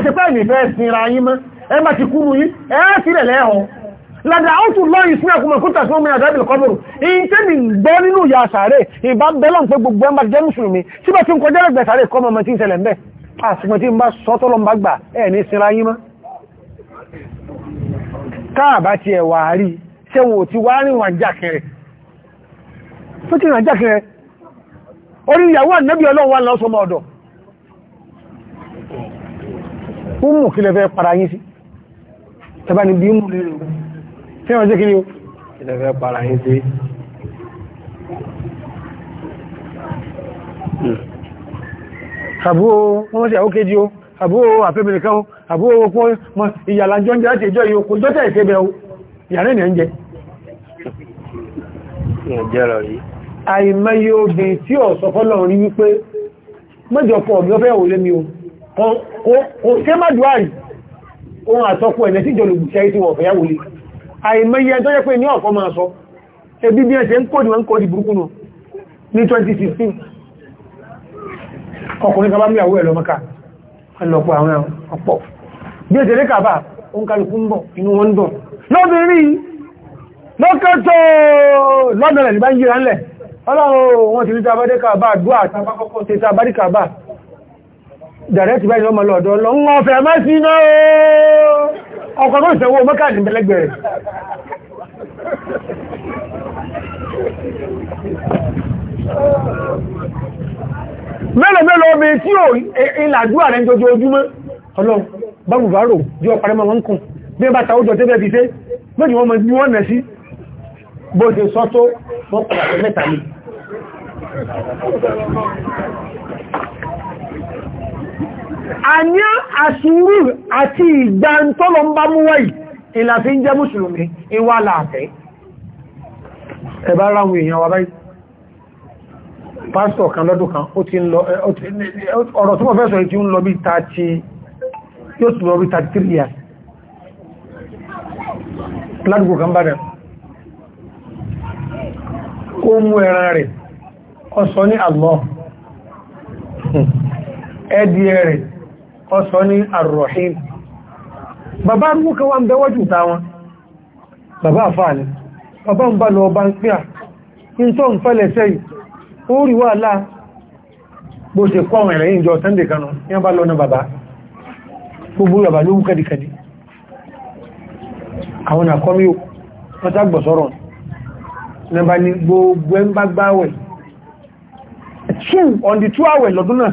ládà áwùtù lọ ìsinmi àkùnmọ̀ kúta sí omi àdábìlì kọbùrù in tẹ́ mi gbọ́ nínú ìyà sàárè ìbá bẹ́lọ̀ pé gbogbo ẹmbà jẹ́ mùsùlùmí tí bá ti ń kọjá ẹgbẹ̀ sàárè kọ́ mọ̀mọ̀ tí ń ṣẹlẹ̀ ń bẹ́ àsìkò tí ń bá sọ́tọ́ lọ bá gbà ẹ̀ ní sinra kí lẹ para yín sí tẹ́bá ni bí mú lérò tí wọ́n jẹ́ kí ni ó ìdẹ̀fẹ́ para yín sí àbúrò wọ́n sí àwọn kéjì ó àbúrò àfẹ́bìnìkan ó àbúrò ọkọ̀ ìyàlá jọ ń jẹ́ láti ìjọ ìyókù jọ́tẹ̀ ìfẹ́bẹ̀ ó yàrá ìnà ń jẹ àìmọye o kó kẹ́ má dùn àrí ohun àtọ́kù ẹ̀nẹ́ sí ìjọlùgbùsẹ́ tí wọ́n fẹ́ yáwó lè àìmẹ́yẹ tó jẹ́ pé ní ọ̀fọ́ máa sọ ẹbí bí ẹ̀ṣẹ́ ń kòdì wọn kòdì burúkú nù ní 2016 ọkùnrin kaba mìyàwó ẹ̀ lọ́mọ́ká ọlọ́pọ̀ àwọn ọ̀pọ̀ bí dàrẹ́tì báyìí lọ́mọ lọ́dọ̀ lọ́wọ́ fẹ̀mẹ́sí náà ọkọ̀ tó ìṣẹ̀wọ́ mọ́kàdì mẹ́lẹ́gbẹ̀ rẹ̀ mẹ́lọ mẹ́lọ omi tí ò ìlàjú ààrẹ jọjọ ojúmọ́ ọlọ́run bábù bá rò jọ parẹ́mọ́ wọn kùn bí ẹ bá ta ójọ tẹ́bẹ̀ fi ṣe mẹ́jì wọ́n mọ̀ ní wọ́n nẹ̀ sí bó ṣe sọ tó wọ́n mẹ́ta ní àníá àṣírù àti ìgbà tọ́lọ ń bá mú wáyì ìlàfí ń jẹ́ mùsùlùmí ìwà láàfẹ́ ẹ̀bá ráhùn èèyàn wà báyìí pásítọ̀ kan lọ́dún kan ọ̀rọ̀ tí mo fẹ́ sọ ti ń lọ bí 30 yóò tún lọ bí 33 years ládùgbò kan bá dẹ̀ ó mú ẹran rẹ̀ ọ̀sọ́ ní àlọ́ ẹ̀dì rẹ̀ ọsọ ní arrohim bàbá arúgbókẹ́ wá ń bẹ wọ́jù táwọn bàbá àfáàní bàbá ń bá lọ ọba ń pẹ́ à ń tó ń fẹ́lẹ̀ sẹ́yìn ó rí wà láà bó ṣe kọ́ àwọn ẹ̀rẹ́yìn jọ sunday kanu ní a bá lọ bàbá gbogbo bàbá ló wú kẹ́dìkẹ́dì àwọn àkọ́mí wọ́n ságbọ̀sọ́rọ̀ ní bá ní gbogbo ẹ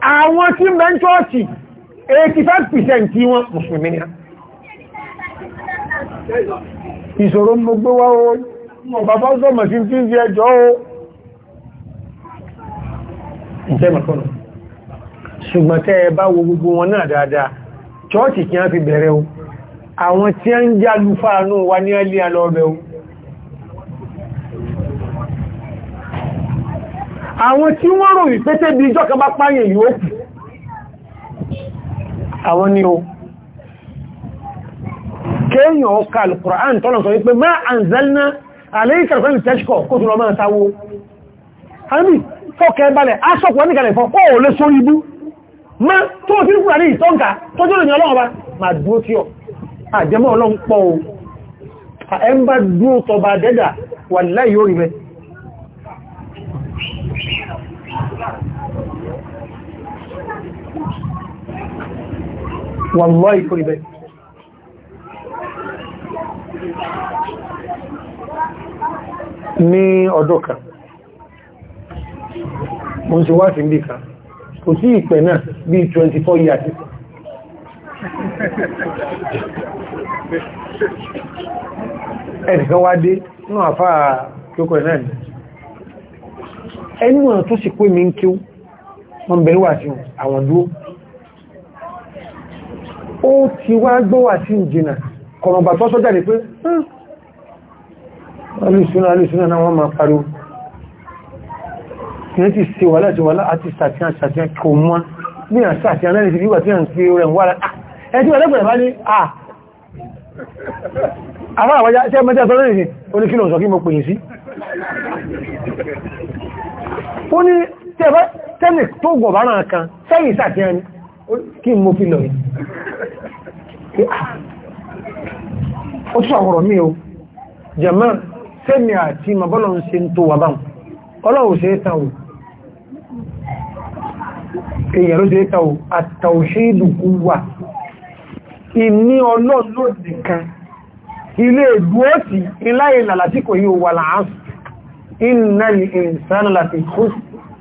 àwọn tí mẹ́ ṣọ́ọ̀ṣì 85% wọn mùsùlùmí ni ìṣòro mo gbé wá o mọ̀ bàbá sọ́mọ̀ sí fi ń fi ẹjọ́ o ìjẹ́ mọ̀kànlá ṣùgbọ́n tẹ́ ẹ bá wo gbogbo wọn náà dáadáa ṣọ́ọ̀ṣì kí wọ́n fi bẹ̀rẹ̀ o àwọn tí a ń jálù fáànù wa ní ẹlẹ́ alọ́ọ̀bẹ̀ o àwọn tí wọ́n rò wípé tẹ́bí ìjọ́ kan bá páyẹ̀ yóò kù àwọn ni o kéèyàn ọkà alìkùrán tọ́lọ̀ sọ wípé máa àǹzẹ́lná àlẹ́ìkàrùn tẹ́ṣkọ̀ kó tó lọ máa táwó hàmì fọ́kẹ́ balẹ̀ aṣọ́pọ̀ níkàlẹ̀ fọ́ kó lè sórí ibú ma tó tí ní kùràrí ìtọ́nkà tó jẹ́ lòyìn wàlọ́ ìkó ibẹ̀ ní ọdún kan mo ń ṣe wá sí ibi kan kò sí ìpẹ̀ náà bí 24 years ẹnìkan wá dé náà àfáà kíókò ẹ̀ náà ni ẹni wọn tó sì pé mi ń kíó wọn bẹ̀rẹ̀ wà sí àwọn dúró ó ti wá gbọ́wà sí ìjìnà kọ̀mọ̀bà tó sọ́jà lè pé alìsúná hmm, alìsúná náà wọ́n máa pariwo kìí ti ṣe wà láti wà láti sàtíyàn sàtíyàn kò mọ́ ní à sàtíyàn náà ti fíwà tí à ń fi rẹ̀ wára ah, ẹ̀tí wà lẹ́gbẹ̀rẹ̀ bá ní à àwọn àwọ́já tí a mẹ́ta sọ lórí oníkílò sọ kí mo pè sí ó ní tẹ́lẹ̀ tó gọ̀bára kan sẹ́yìn sàtíyàn ni kí n mo fi lọ yìí ó tún àwọ̀rọ̀ mi o jàmá sẹ́mi àti màbọ́lọ̀ ń ṣe ń tó wà báhùn ọlọ́run ṣe é tàn ò èèyàn ló ṣe é tàn ò yíò wà láàásù innal insana láti kúrò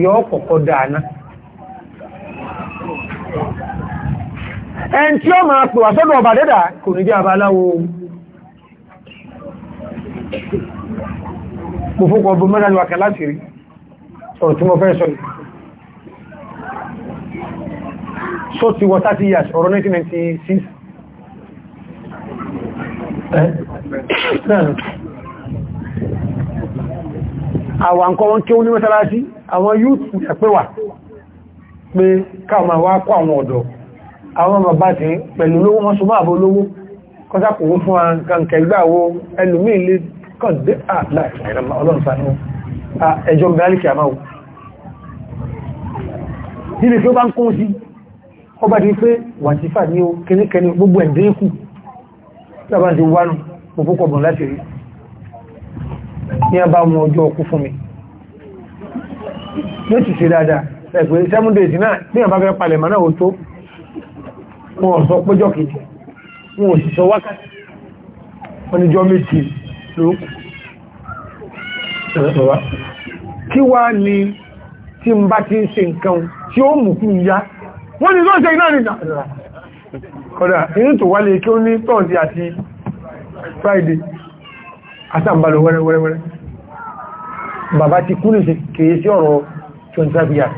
yọ kọ̀kọ́ dáná ẹn tí ó máa pè wà sọ́dọ̀ ọba dẹ́dà kò ní jẹ́ abaláwo mo fún ọgbọ̀n mẹ́rin wákà láti rí ọ̀rọ̀ tí mo fẹ́ sọ so ti wọ 30 years ọ̀rọ̀ 1996 àwọn nǹkan wọn kí ó ní mẹ́sàlásí àwọn youth ẹ̀pẹ́wà pé káàmà wá kọ́ àwọn ọ̀dọ́ àwọn ọmọ bá ti pẹ̀lú lówó wọ́n súnmọ́ àbò lówó kọ́sàkùnwó fún àǹkà ìgbàwó ẹlùmí ilé kàn dé àláàrín ọlọ́run sáà ní a bá mú ọjọ́ ọkú fún mi ló ti ṣe dáadáa ẹ̀pẹ̀ seven days náà ní àbá fẹ́ palẹ̀ mọ́ náà ó tó wọn ò sọ péjọ kejì ò sì sọ wákàtí wọn ni jọ méjì lóòkù kí wá ni tí n bá ti ń ṣe nǹkan tí ó mú kú ya Friday àtàmbàlò wẹ́rẹ́wẹ́rẹ́wẹ́rẹ́ bàbá ti kú nìsí kìí sí ọ̀rọ̀ 25 years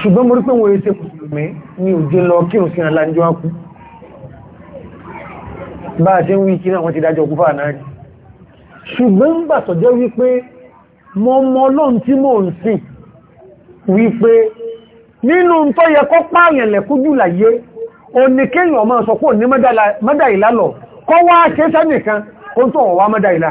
ṣùgbọ́n mo rí pé wọ́n yẹ́ sẹ́kù mẹ́ ní òjé lọ kírùn sí aláńjọ́ akú bá a ṣe ń wí kí náà wọ́n ti dájọ́ ọkú fàánà rí ṣùgbọ́n ń bà sọ̀jẹ́ wípé mọ́ mọ́ lọ́n tí mò ń sìn wípé nínú tó yẹ kọ́ pààyàn lẹ́kú láyé oníkéyàn ọmọ sọ pé òní mẹ́dà lọ kọ́ wá ṣe sẹ́nìkan kó tó ọ̀wá mẹ́dà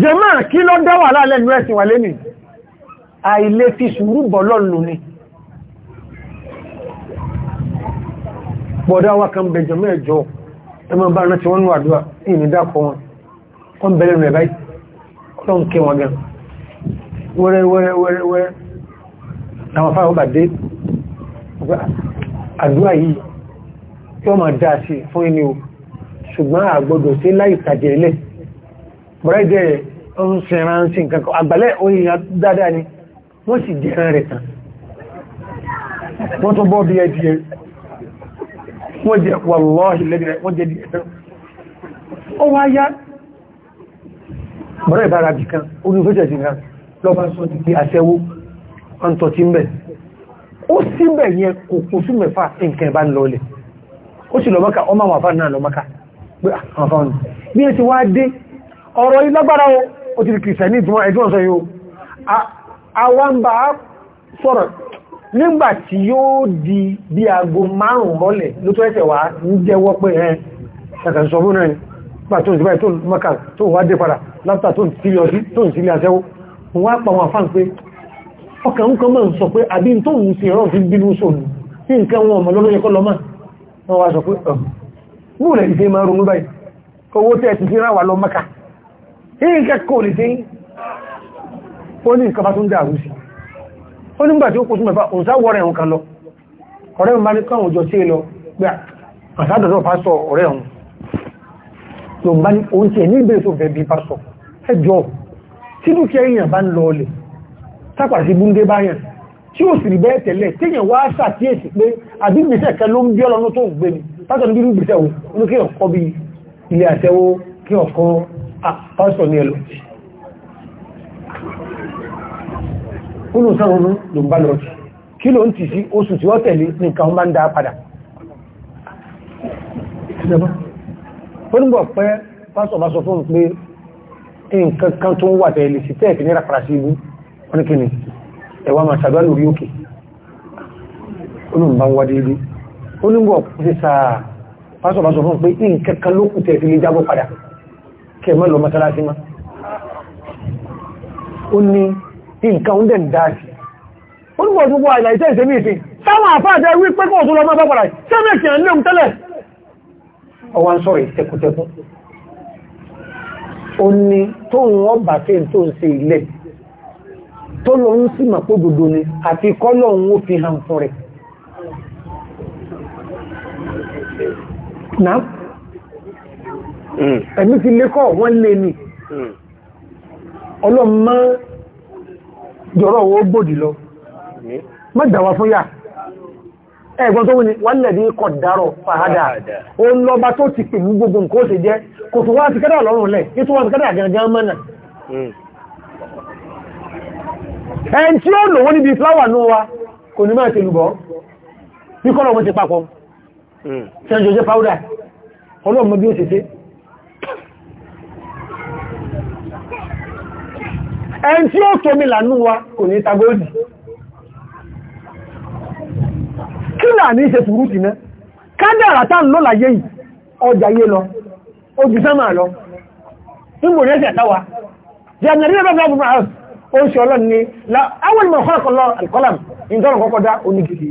jẹmọ́ kí ló dáwà lálẹ́nu ẹ̀sìn wà lẹ́nì àìlé fi sùúrù bọ̀ ni bọ̀dá wa kan bẹ̀jọ mẹ́jọ ẹmọ bá rántí wọ́n wàdúwà ìní dákọ̀ wọn wọ́n bẹ̀rẹ̀ rẹ̀ báyìí ọlọ́n kẹ wọn gan wẹ́rẹ́ wẹ́rẹ́ wẹ́rẹ́ wẹ́rẹ́ àwọn afárá ọba dé àdúrà yìí tí wọ́n máa dáa sí bọ́rẹ́dẹ̀ ń sẹ́ran sí nǹkan kan àgbàlẹ̀ oríyàn dáadáa ni wọ́n sì jẹ́ran rẹ̀ tán wọ́n tó bọ́ bí ẹ̀dì wọ́n jẹ́ wàlọ́ọ̀hì lẹ́gbẹ̀rẹ̀ wọ́n jẹ́ díẹ̀ tán ó wá yá bọ́rẹ́ ìbára bì kan orí fẹ́jẹ̀ sí kan lọ́bá sọ ti di aṣẹ́wó ọ̀ntọ̀ tí ń bẹ̀ ó síbẹ̀ yẹn kò kò sí mẹ́fà nǹkan ìbá ń ah, bí ẹ ti wá dé ọ̀rọ̀ ilágbára o ti kìrìsẹ̀ ní ìtumọ̀ ẹ̀tí wọ́n sọ yóò àwọn bá sọ̀rọ̀ nígbàtí yóò di bí aago márùn-ún rọ́lẹ̀ ló tó ẹ̀sẹ̀ wá ń jẹ́wọ́ pé ẹ ṣàkàṣọ́ mú náà nígbà tó ń síbáyé tó ń mọ́kà tó wá dé padà láfíà tó ń sílé ọtí tó ń sílé aṣẹ́wó wọ́n á pa wọn àfáàn pé ọkàn ń kan mọ́ ń sọ pé àbí owó tẹ́ẹ̀ ti fi lọ mọ́kà nǹkan kò ní sí ó ní nǹkan bá tún dá àrúsí ó nígbà tí ó kò tún mẹ́fà òun sáwọ́rẹ̀ ẹ̀hùn kan lọ ọ̀rẹ́ mi bá ní káwọn òjò sí lọ pé àsádọ̀dọ̀ pásọ̀ ọ̀rẹ́ ẹ̀hùn tó bá ní oun tí ẹ̀ ní ìbẹ̀rẹ̀ tó fẹ́ bí pásọ̀ ẹjọ́ tí dúkìá èèyàn bá ń lọ ọlẹ̀ tápà sí búndé báyàn tí ó sì rí bẹ́ẹ̀ tẹ̀lẹ̀ téèyàn wá ṣàkíyèsí pé àbí gbèsè kẹ ló ń bí ọlọ́nà tó gbé ni pásọ̀ ní bí gbèsè òun kí ọkọ̀ bí ilé àtẹ́wó kí ọkọ̀ Ah, pásọ̀ ní ẹlò olùsọ́rọ̀rún ló ń bá lọ sí kí ló ń tì sí oṣù tí ó tẹ̀lé nìkan bá ń dá padà fónúgbọ̀ pẹ́ pásọ̀ bá sọ fún pé nǹkan kan tó ń wà tẹ̀lé sí tẹ́ẹ̀kì ní ràpàrà sí ibú oníkìní ẹ̀wà máa ṣàdúrà lórí òkè olùmbá ń wádé ilé fónúgbọ̀ pẹ́ sáà pásọ̀ bá sọ fún pé nǹkan kan ló kù tẹ̀ẹ̀kì jábọ́ padà kẹmọ́ lọ mọ́sálásí má ó ní nǹkan oúnjẹ dáàkì ó ní bọ̀ gbogbo àìlà ìtẹ́ ìsẹ́mí ìsìn sáwọn àfáàdẹ́ wí pé kọ́ tó lọ máa bá padà sẹ́mẹ̀ kì í lóun tẹ́lẹ̀ ọwá ń sọ̀rọ̀ ìtẹkùtẹkùn ó ní tó ń wọ́n bà fẹ́ tó ń ṣe ilẹ̀ tó lọ ń sì mà pó Hmm. ẹ̀mí ti lékọ́ hmm. hmm. wọ́n lè ní jọrọ owó gbòdì lọ mọ́dàwà fún yà ẹgbọ́n tó wí ni wọ́n lẹ̀dí kọ̀ dárọ̀ o ń tó gbogbo nǹkan ó jẹ́ kò tó wá ti kẹ́dà lọ́rùn lẹ̀ tó wá ti kẹ́dà gangan mọ́nà ẹn tí ó níbi fláwà ní wa kò ní máa ẹn tí ó tómi lànú wa kò ní tagóòdì kí náà ní ṣe fúrú tì náà kádàrà tá ń lọ́la yé yìí ọjà yé lọ ojú sánmà lọ ìgbòrẹ́sẹ̀ táwa jẹ́nẹ̀rí oṣù ọlọ́ni ni àwọn ìmọ̀ ọ̀kọ́lọ́ alkọ́lám ìjọ́rùn kọ́kọ́ dá onígidi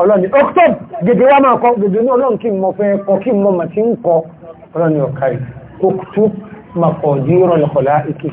ọlọ́ni octob gègé wá máa kọ́ gègé ní ọlọ́run kí mọ̀ oktub makọ̀dí rọ̀lẹ̀kọ̀lá ikẹ́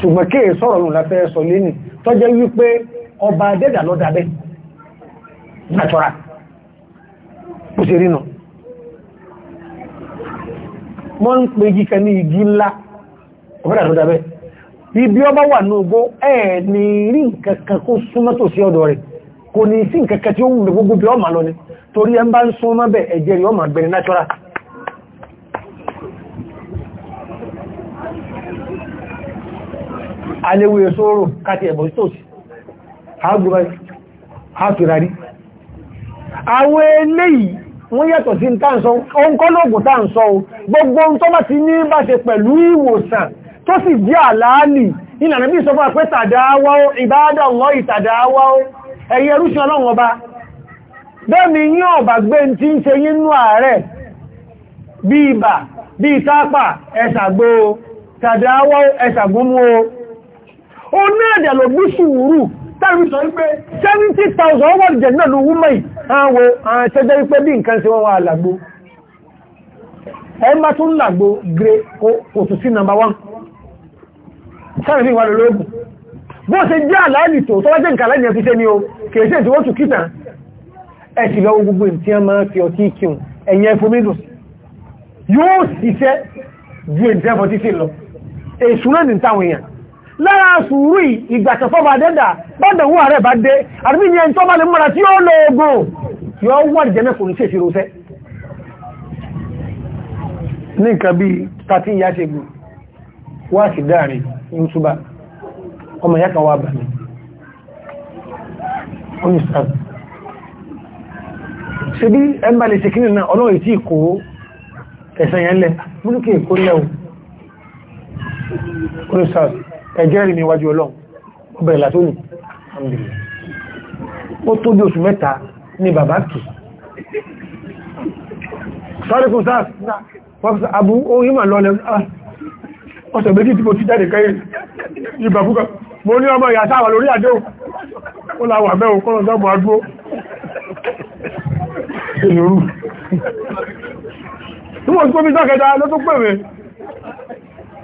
ṣùgbọ́n kí è sọ̀rọ̀ yìí láfẹ́ sọ lé nì tó jẹ́ wípé ọba adẹ́dà lọ dábẹ́ nàtọ́ra kò sí rí nà mọ́ ń pè igi kẹ ní igi ńlá ọ̀fẹ́dà lọ dábẹ́ ibi ọba wà ní ogbó ẹ̀ ní rí nkankan kó súnmọ́ tó sí ọ̀dọ̀ rẹ̀ kò ní sí nkankan tí ó wù gbogbo bí ọmọ lọ ni torí ẹ Alewu sóró káti ẹ̀bọ̀ stóòsì hàtùrarí àwọn eléyìí wọ́n yàtọ̀ sí tàǹsọ́ tàǹsọ́ gbogbo ohun tó bá ti ní bá ṣe pẹ̀lú ìwòsàn tó sì jẹ́ àlàálì ìlànà bí ìsọfún àpẹ́ tàdáwá ìbádà ó náà dẹ̀ lọ bí sùúrù tàbí sọ wípé 70,000 ọwọ́ ìjẹ̀ náà ló wúmọ̀ yìí àwọn àtẹ́jẹ́ wípé bí nǹkan sí wọ́n wà lágbó ẹ má tún lágbó gré òtútí nàmbà 1 sáré fi wà lọ́lọ́gùn bó ṣe jẹ́ àlàálì tó tọ́wọ́ jẹ́ nǹkan lẹ́yìn ẹ̀fíṣẹ́ ni o kèèṣẹ́ tí wọ́n tù kìtà ẹ̀ sì lọ gbogbo ìtí a máa fi ọtí kíun ẹ̀yìn ẹfomidus yóò ṣiṣẹ́ ju ìtẹ́fọ́ títí lọ èṣù náà ní táwọn èèyàn lára sùúrù ìgbàtọ̀ fọ́bà dẹ́dà bọ́dẹ̀ wọ́n rẹ̀ bá dé àdúgbì ní ẹni tó bá lè mọ́ra tí ó lọ ogun tí ó wà jẹ́ mẹ́kùnrin sí ìṣirò fẹ́ ní nǹkan bí tàtí ìyá ṣe gùn wá sí dáàrin yútúbà ọmọ ìyá kan wá bà mí oníṣàbù ṣe bí ẹmbà lè ṣe kínú náà ẹ̀jẹ́rì ní iwájú ọlọ́run ọbẹ̀rẹ̀ látọ́nì ó tó bí oṣù mẹ́ta ní bàbá kì sọ́rẹ́kùn sáàs abú orí mà lọ́lẹ̀ ah, ọ̀sẹ̀ méjì tí mo ti jáde kẹ́yìn ìbàbúkọ mo ní ọmọ ìyà sáwà lórí àdé ó láwà mẹ́wọ̀n kọ́nà sọ́mọ̀ adúó ìlú rú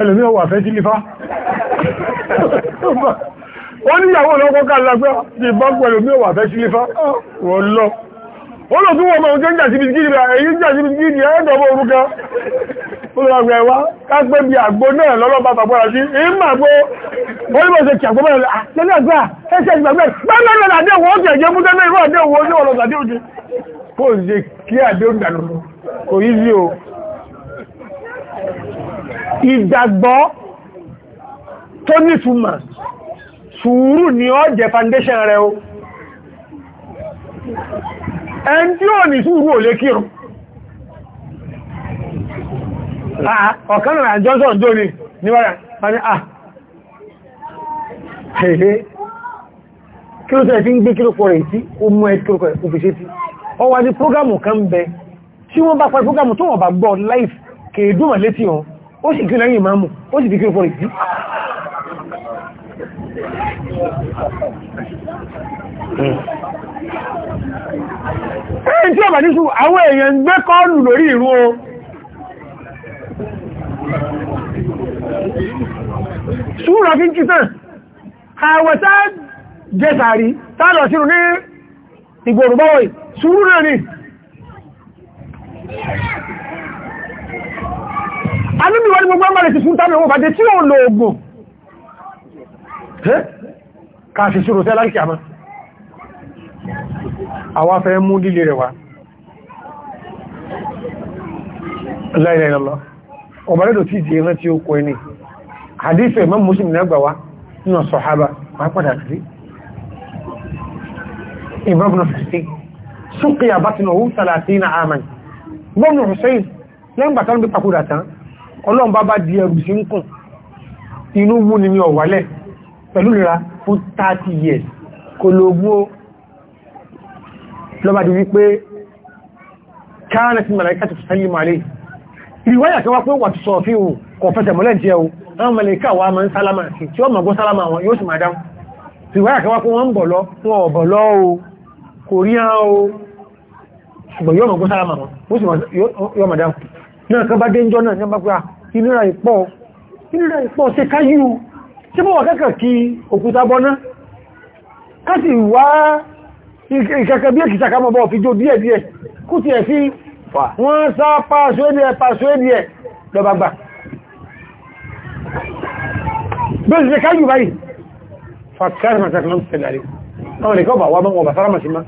ẹlòmí ọwà fẹ́ tí lífá wọ́n níyàwó lọ́kọ́ kàlágbá ti bá pẹ̀lú mí ọwà fẹ́ tí lífá wọ́n lọ wọ́n lọ tún wọ́n mọ̀ oúnjẹ ń jà sí bisikíìtì rẹ̀ èyí ń jà sí bisikíìtì ẹ́ẹ̀dọ̀bọ̀ orúkẹ́ olùràgbẹ̀ wá kápẹ́ bí àgbo náà lọ́lọ́bà pàpọ̀ra sí ìmà gbó orílẹ̀-èdè kí àgbọ́ mẹ́rin lẹ́lẹ́ àgbà ẹ̀ṣẹ́ ìgbàgbẹ́ gbẹ́gbẹ́rẹ́ àdéhùn oúnjẹ jẹ́ mú tẹ́lẹ̀ ìwọ́ àdéhùn oúnjẹ ọ̀lọ́sàdéhùn ìgbàgbọ́ tó nítumọ̀ sùúrù ni ó jẹ́ foundation rẹ̀ o ẹn tí ó ní sùúrù ò lè kírùn ọ̀kan rẹ̀ Johnson jò ní níwára wọ́n ni ah hehe kí ló tẹ́lẹ̀ tí ń gbé kílòpọ̀ rẹ̀ tí ó mú ẹ kílòpọ̀ rẹ̀ òfìṣẹ́ tí ó wà ní prógámù kan bẹ tí wọ́n bá parí prógámù tó wọ́n bá gbọ́ live kèèdùn létí wọn ó sì kí lẹ́yìn ìmáàmù ó sì fi kí fún rẹ̀ hmm. ẹ̀yìn tí ọ̀bà ní sùn àwọn èèyàn gbé kọ́ọ̀lù lórí ìrú o ṣúrọ̀ fi ń kí tàn àwẹ̀ tá jẹsàrí tààlọ̀ sínú ní ìgbòrùbọ́wọ̀ ìṣúrú náà ni alúmíwá ní gbogbo ẹmọ́rẹ̀ ti fún tàbí owó bàjẹ́ tí ó lo ogun káàṣì ṣúrò tẹ́ láìkì àmá àwa fẹ́ mú lílé rẹ̀ wá láìláìlọ́lọ́ ọ̀bàrẹ́dò tí ìdí ẹran tí ó kọ ẹni àdífẹ́ mọ́ mùsùlùmí náà gbà wá nínú sọ̀hábà máa padà sí ìbọ́bùn fẹ̀sí súnkìyà bá tinú òun àmàn gbọ́nà hussein lẹ́gbàtán bí pàkúdà tán ọlọ́run bá bá di ẹrù sí ń kùn inú wú ni ní ọ̀wálẹ̀ pẹ̀lú ìrora fún 30 years kò ló gbó lọ́bàá di wípé káàrẹ̀ sí mẹ́lẹ̀ká ti sẹ́lẹ̀ màálẹ̀ ìwáyà tó wá pé wa máa ń sálámà sí tí ó mọ̀gbọ́ sálámà wọn yóò sì máa dáhùn ìwáyà tó wá pé wọ́n ń bọ̀ lọ yóò mọ̀gbọ́ sálámà náà kan bá dénjọ́ náà nígbà pé ìnira ah, ìpọ̀ ìnira ìpọ̀ ṣe káyú tí mọ́ wà kẹ́kẹ̀ kí òkúta bọ́ná ká sì wá ìkẹ́kẹ́ bí èkìta ká mọ́bọ̀ fi jó díẹ̀díẹ̀ kú ti ẹ̀ sí wọ́n sá pàṣẹ́díẹ̀ lọ́gbàgbà bẹ́ẹ̀ ṣe káyù báyìí fàkàrí màtàkì lọ́nà tẹ̀lẹ̀ àwọn ìrìnkọ́ bà wà mọ́ bà sára màṣímá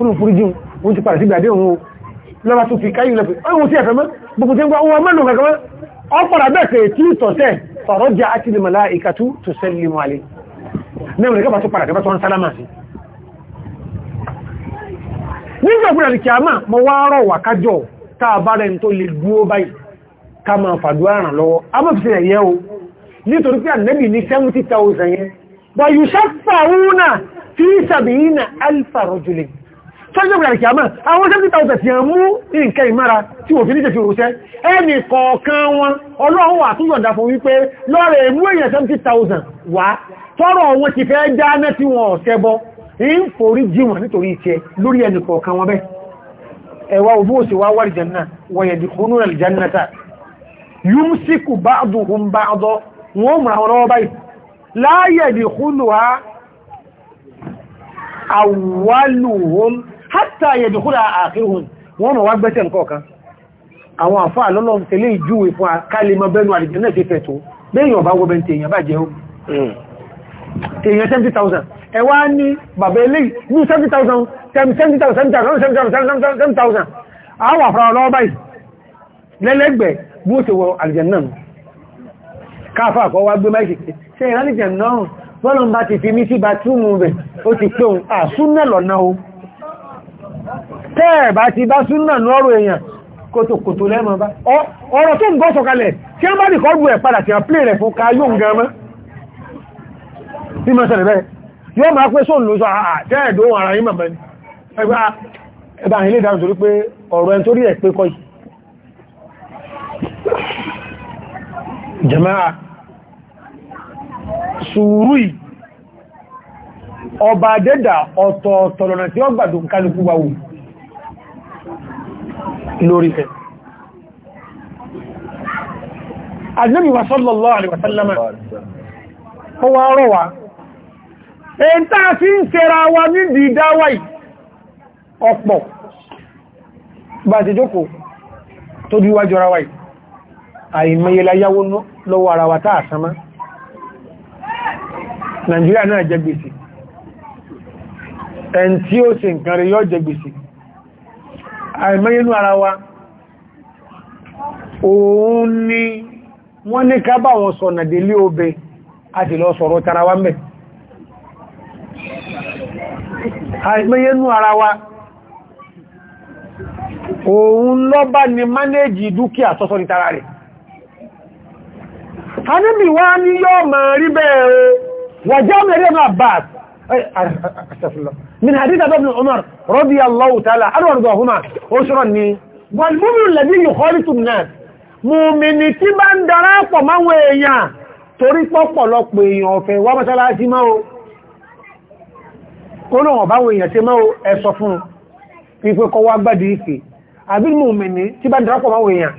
fúnnù fúrú jíun oun ti padà sí ìgbàdé òun o lọ́wọ́ tó fi káyìn lọ́pẹ́ ọ̀hún sí ẹ̀fẹ́ mọ́ gbogbo tí ń gbá ohun mẹ́nu kankan mọ́ ọ̀pọ̀lá bẹ́ẹ̀ pé tí ìtọ̀tẹ̀ fọ̀rọ̀ jẹ́ àti lè mọ̀lá ìkàtú tó sẹ́lì mọ́ alẹ́ mẹ́rin rẹ̀ kọ́ tó padà kẹ́bá tó ń sálámà sí nígbà fúnra kí a máa mọ wá rọ̀ wà nítorí pé ànẹ́bì ní 70,000 yẹn wà yùṣẹ́ fàúnà fi sàbìyàn alfa rọ̀jùlẹ̀ tọ́jọ́ ìgbà ìkìyàmọ́ àwọn 70,000 ti hàn mú nǹkan ìmára tí wò fi ní jẹ́fì òṣẹ́ ẹni kọ̀ọ̀kan wọn ọlọ́run wà tún yọ̀ǹda fún wípé lọ́rẹ̀ mú èyàn 70,000 wá tọ́rọ̀ wọn ti fẹ́ dáná tí wọn ọ̀sẹ́bọ ń forí jí bá dùnkún bá ọdọ́ wọn mú àwọn ọwọ́ báyìí láyẹ̀ dìkúnú ha àwálùhún hátà yẹ̀dùkúrà àkíhùn wọ́n mọ̀ wá gbẹ́sẹ̀ nǹkan àwọn àfáà lọ́lọ́run tẹ́lẹ̀ ìjúwe fún akálẹ̀mọ́ bẹ́nu àdìjẹ́ náà ti fẹ̀tọ́ lẹ́yìn ọ̀bá wọ́bẹ̀ tí èèyàn bá jẹ́ ó èèyàn 70,000 ẹwà ní bàbá ilé ní 70,000 70,000 àwọn àfáà ọlọ́wọ́ báyìí lẹ́lẹ́gbẹ̀ bú ó ti wọ àdìjẹ́ náà káfà kọ́ wá gbé máìkì ṣe ìrànlẹ́jẹ̀ náà bọ́lọ̀ tẹ́ẹ̀bá ti bá súnnà ní ọ̀rọ̀ èèyàn kòtòkòtò lẹ́mọ̀ bá ọ̀rọ̀ tó ń gọ́ sọ̀kalẹ̀ tí a bá dì kọ́ ẹ̀ padà tí a plé rẹ̀ fún káyó mọ́ tí yóò máa ah, ah, ara ah, ọba dẹ́dà tí ó gbàdùn wa wù lórí fẹ́ Ànábì wa sallallahu alaihi wa sallama ó wá rọ̀ wá èyí táà fi ń ṣera wa ní dìdáwàì ọ̀pọ̀ bá ti jókòó tó bí wájú ara wáì àìmọyela yáwó lọ́wọ́ ara wa táà sánmá Nàìjíríà náà jẹ gbèsè ẹn tí ó ṣe nǹkan rẹ̀ yóò jẹ gbèsè àìmọ́yínú ara wa òun ni wọ́n ní ká bá wọn sọ̀nà délé obe a ti lọ sọ̀rọ̀ tara wa mẹ́ àìmọ́yínú ara wa òun lọ bá ni mánéjì dúkìá sọ́sọ́ ní tara rẹ̀ a wá ní yọ́ mọ̀ rí bẹ́ẹ̀ wàjá mẹ́rẹ́ من حديث ابن عمر رضي الله تعالى عنه وارضاهما عشرا ني والمؤمن الذي يخالط الناس mùmìnì tí bá ń darapọ̀ máwọn èèyàn torí pọ́pọ̀lọpọ̀ èèyàn ọ̀fẹ́ wá mọ́sálásí máa o kó náà báwọn èèyàn tí máa o ẹ̀sọ fún pípẹ́ kọ wá gbádì ìfẹ́ àbí mùmìnì tí bá ń darapọ̀ máwọn èèyàn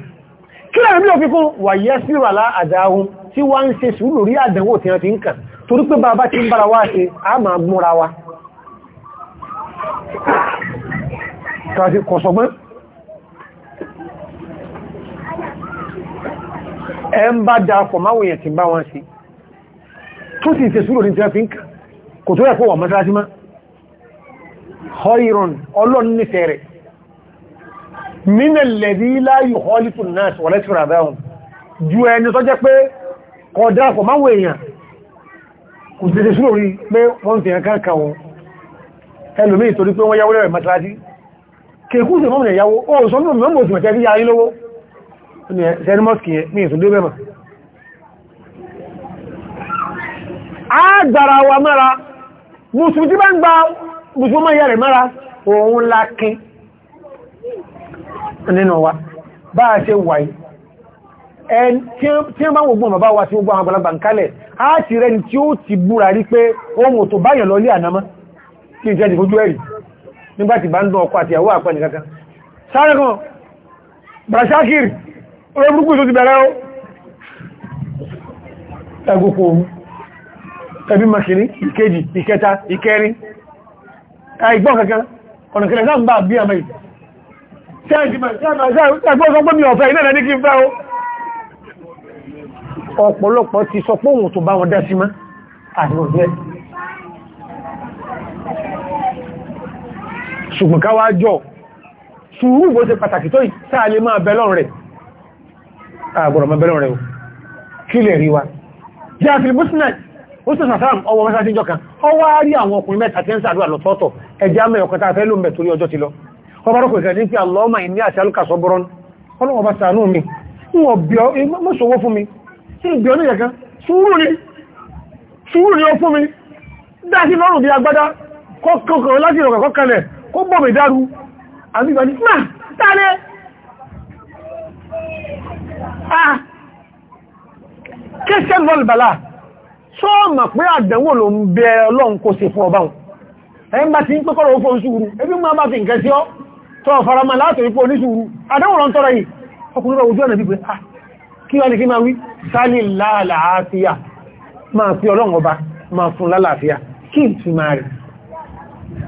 kí lẹ́rin mílò fífún wàyẹ́ síràlá àdáhun tí wá ń ṣe sùúrù lórí àdánwò tí wọ́n ti ń kàn torí pé bàbá ti ń bára wá ṣe a máa múra wa káàkì kọ̀sọ̀gbọ́n ẹ ń bá dáapọ̀ máwọn èèyàn ti bá wọn sí tó sì ṣe súrò ní tẹ́fíǹkà kò tó ẹ̀kọ́ wà mọ́sálásí má hoiron ọlọ́n nífẹ́ rẹ̀ mínẹ̀lẹ̀dí láyù holifu náà wọ́lẹ́ tí rà dáhùn ju ẹni tó jẹ́ pé kọ̀ dáapọ̀ máwọn èèyàn kò sì súrò rí pé wọ́n fi ẹ̀kọ́ ẹlòmí ìtorí pé wọ́n yáwó lẹ́rẹ̀ mọ́sálásí kèkú sí mọ́mìnà yáwó ó sọ mọ́ mọ́ sí mẹ́tẹ́ fi yáyí lówó ṣẹ́ni mọ́sí kìí ní ìsúndé bẹ́mà a gbàrà wa mara musulmi tí bá ń gba musulmi yà rẹ̀ mara òun lákin nínú wa bá a ṣe wà tí wọ́n bá wọ́gbọ́n bàbá wa kí n jẹ́ ìfojú ẹ̀rì nígbàtí bá ń dún ọkọ àti ìyàwó àpẹni kankan sáré kan brashakir orí burúkú tó ti bẹ̀rẹ̀ ó ẹgbùkú ohun ẹbí makini ìkejì ìkẹta ìkẹrin àìgbọ́n kankan ọ̀nà kẹrẹ sáà ń bá bí àmì ọ̀pọ̀lọpọ̀ ti sọ pé òun tó bá wọn dá sí mọ́ àti òṣèlú ṣùgbọ́n káwàá jọ sùúrù bó ṣe pàtàkì tó yìí sáà lè máa bẹ́lọ́n rẹ̀ àgbọ̀rọ̀ máa bẹ́lọ́n rẹ̀ o kí lè rí wa jẹ́ àfihàn musnad ó sì sàtàrà ọwọ́ mẹ́sàtí jọ kan ọ wá rí àwọn ọkùnrin mẹ́ta tí ń sàdúrà lọ́tọ́ọ̀tọ̀ ẹjá mẹ́ ọkọ̀ tàà mi wọ́n bíọ́ mọ́sọ̀wọ́ fún mi tí ń bíọ́ níyẹ̀kan ni sùúrù ni ó fún mi dáàtí lọ́rùn bí agbádá kọ́kọ̀ọ́ láti ìrọ̀kọ̀ kọ́kànlẹ̀ kó gbọ́mù ìdárú àbígbà ní máa tààrẹ ah kíṣẹ́ lọ́lùbàlá sọ́ọ̀mà pé àdánwò ló ń bẹ ọlọ́run kó ṣe fún ọbáhùn ẹ̀yìn bá ti ń pẹ́kọ́rọ̀ ó fún ṣúurú ebí máa bá fi nǹkan sí ọ́ tọ́ farama látò ipò oníṣúurú àdánwò rán tọ́rọ yìí ọkùnrin rọ ojú ọ̀nà bí pé ah kí wá ní kí máa wí sálì láàlàáfíà máa fi ọlọ́run ọba máa fún lálàáfíà kí ìtumà rẹ̀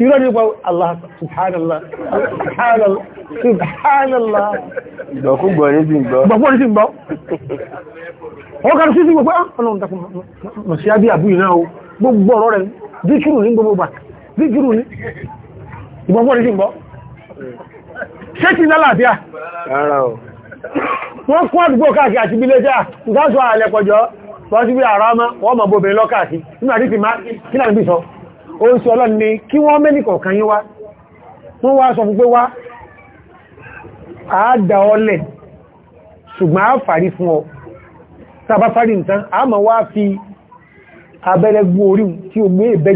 irọ́ ní pa Allah subhanallah subhanallah subhanallah ìgbọ̀kúgbọ̀ ní sí ìgbọ̀ gbọ̀gbọ̀ ní sí ìgbọ̀ wọ́n kàrù sí sí gbogbo ọlọ́run takùn mọ̀ sí àbí àbú ìrìnà o gbogbo ọ̀rọ̀ rẹ̀ díkìrù ní gbogbo bà díkìrù ní ìgbọ̀gbọ̀ ní sí ìgbọ̀ ṣé ti ní àlàáfíà wọ́n kún àdúgbò tọ́jú bí ara ọmọ wọ́n mọ̀ bóbin nígbà tí ma máa kí náà bí sọ o ń sọ ni kí wọ́n mẹ́lì kan yín wọ́n wá sọ fún wá àádà ọlẹ̀ ṣùgbọ́n a fàrí fún ọ tàbá fàrí nǹkan a ma wá fi orí tí o gbé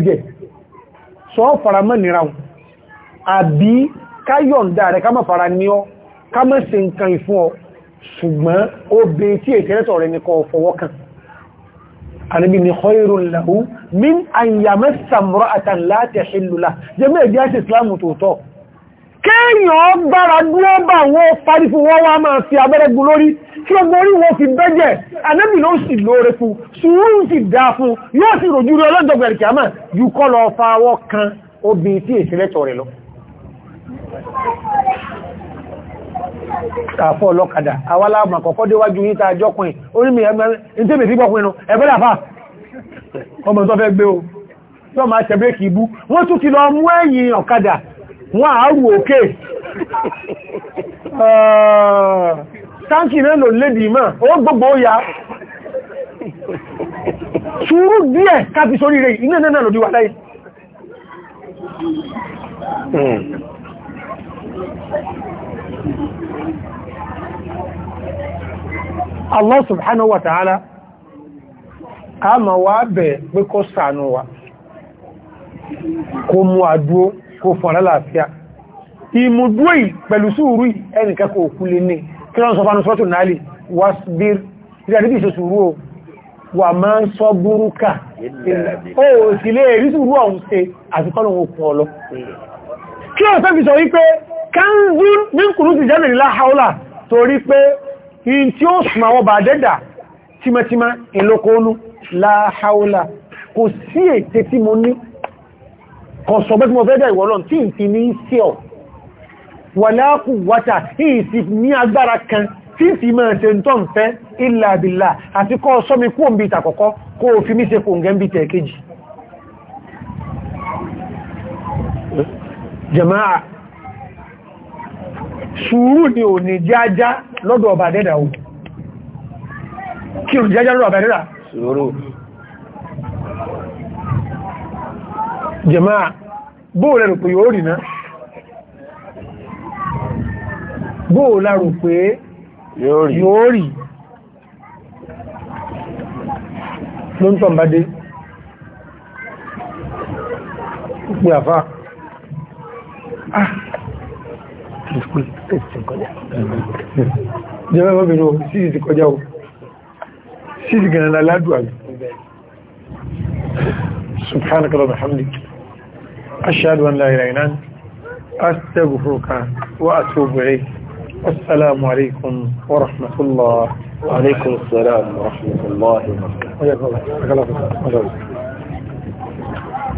ṣùgbọ́n ó anabi ni khairun lahu min an yamassa imra'atan la tahillu lah jẹ́mẹ́ ìdí àti islamu tòótọ́ kéèyàn gbára dúró bá wọn parí fún wọ́n wá máa fi abẹ́rẹ́ gún lórí tí ó gorí wọn fi bẹ́jẹ̀ anabi ló sì lóore fún sùúrù sì dá fún yóò sì rojú rí ọlọ́dọ̀gbẹ̀rẹ̀ kìámà ju kọ́ lọ fa ọwọ́ kan obìnrin tí èsì lẹ́tọ̀ rẹ̀ àfọ́ ọlọ́kadà awálàmà kọ̀kọ́ déwájú yí ta jọ́kùn orími ẹgbẹ́rẹ̀ fígbọ́kùn ẹgbẹ́rẹ̀ àfá ọmọ tó fẹ́ gbé o tó máa ṣẹ̀bẹ́ kì í bú wọ́n tún ti lọ mú ẹ̀yìn ọ̀kadà wọ́n àárù òkè táǹkì rẹ̀ lò lédì mọ́ ó gbogbo ya ṣúrú díẹ̀ káfí sórí rẹ̀ iná náà lòdí wà láyé hmm. Allah subhanahu wa ta'ala a ma wá bẹ̀ pé kó ṣàánú wa kó mú àdúó kó fún àlàáfíà ìmúdúó yìí pẹ̀lú sùúrù ẹnìkẹ́ kò kú lè ní kí lọ́n sọ fánú sọ́tù náà lè wasbir ìdàdíbì ṣe sùúrù o wà máa ń sọ búrúkà o sì lè rí sùúrù ọ̀hún ṣe àti o sọ́fì sọ wípé kánzú ní kùrú ti jẹ́ mẹ́rìnlá haúlà torí pé in tí ó súnmà ọba àdẹ́dà tímẹ́tímẹ́ ìlọ́kọ́ọ́nú láháúlà kò sí ètè tí mo ní kan sọ bẹ́ tí mo fẹ́ dẹ̀ ìwọ̀lọ́n tí n fi ní sí ọ̀ wà láàkù wátà ìsì ní agbára kan tí fi mẹ́ ṣe ń fẹ́ ìlà àti kọ́ sọ́mi jama'a sùúrù ni ò ní jájá lọ́dọ̀ ọba dẹ́dà o kí o jájá lọ́dọ̀ ọba dẹ́dà sùúrù jẹmáà bóòlẹ̀ rò pé yóò rìnà bóòlẹ̀ rò pé yóò rì ló ń tọ́ bá dé pé ah ìpé sísì kọjá jẹ́mẹ́ mọ́bìnrin ohun sísì ti kọjá ohun sísì gẹ̀rẹ̀ ládùá سبحانك اللهم وبحمدك أشهد أن لا إله إلا أنت أستغفرك وأتوب إليك السلام عليكم ورحمة الله وعليكم السلام ورحمة الله وبركاته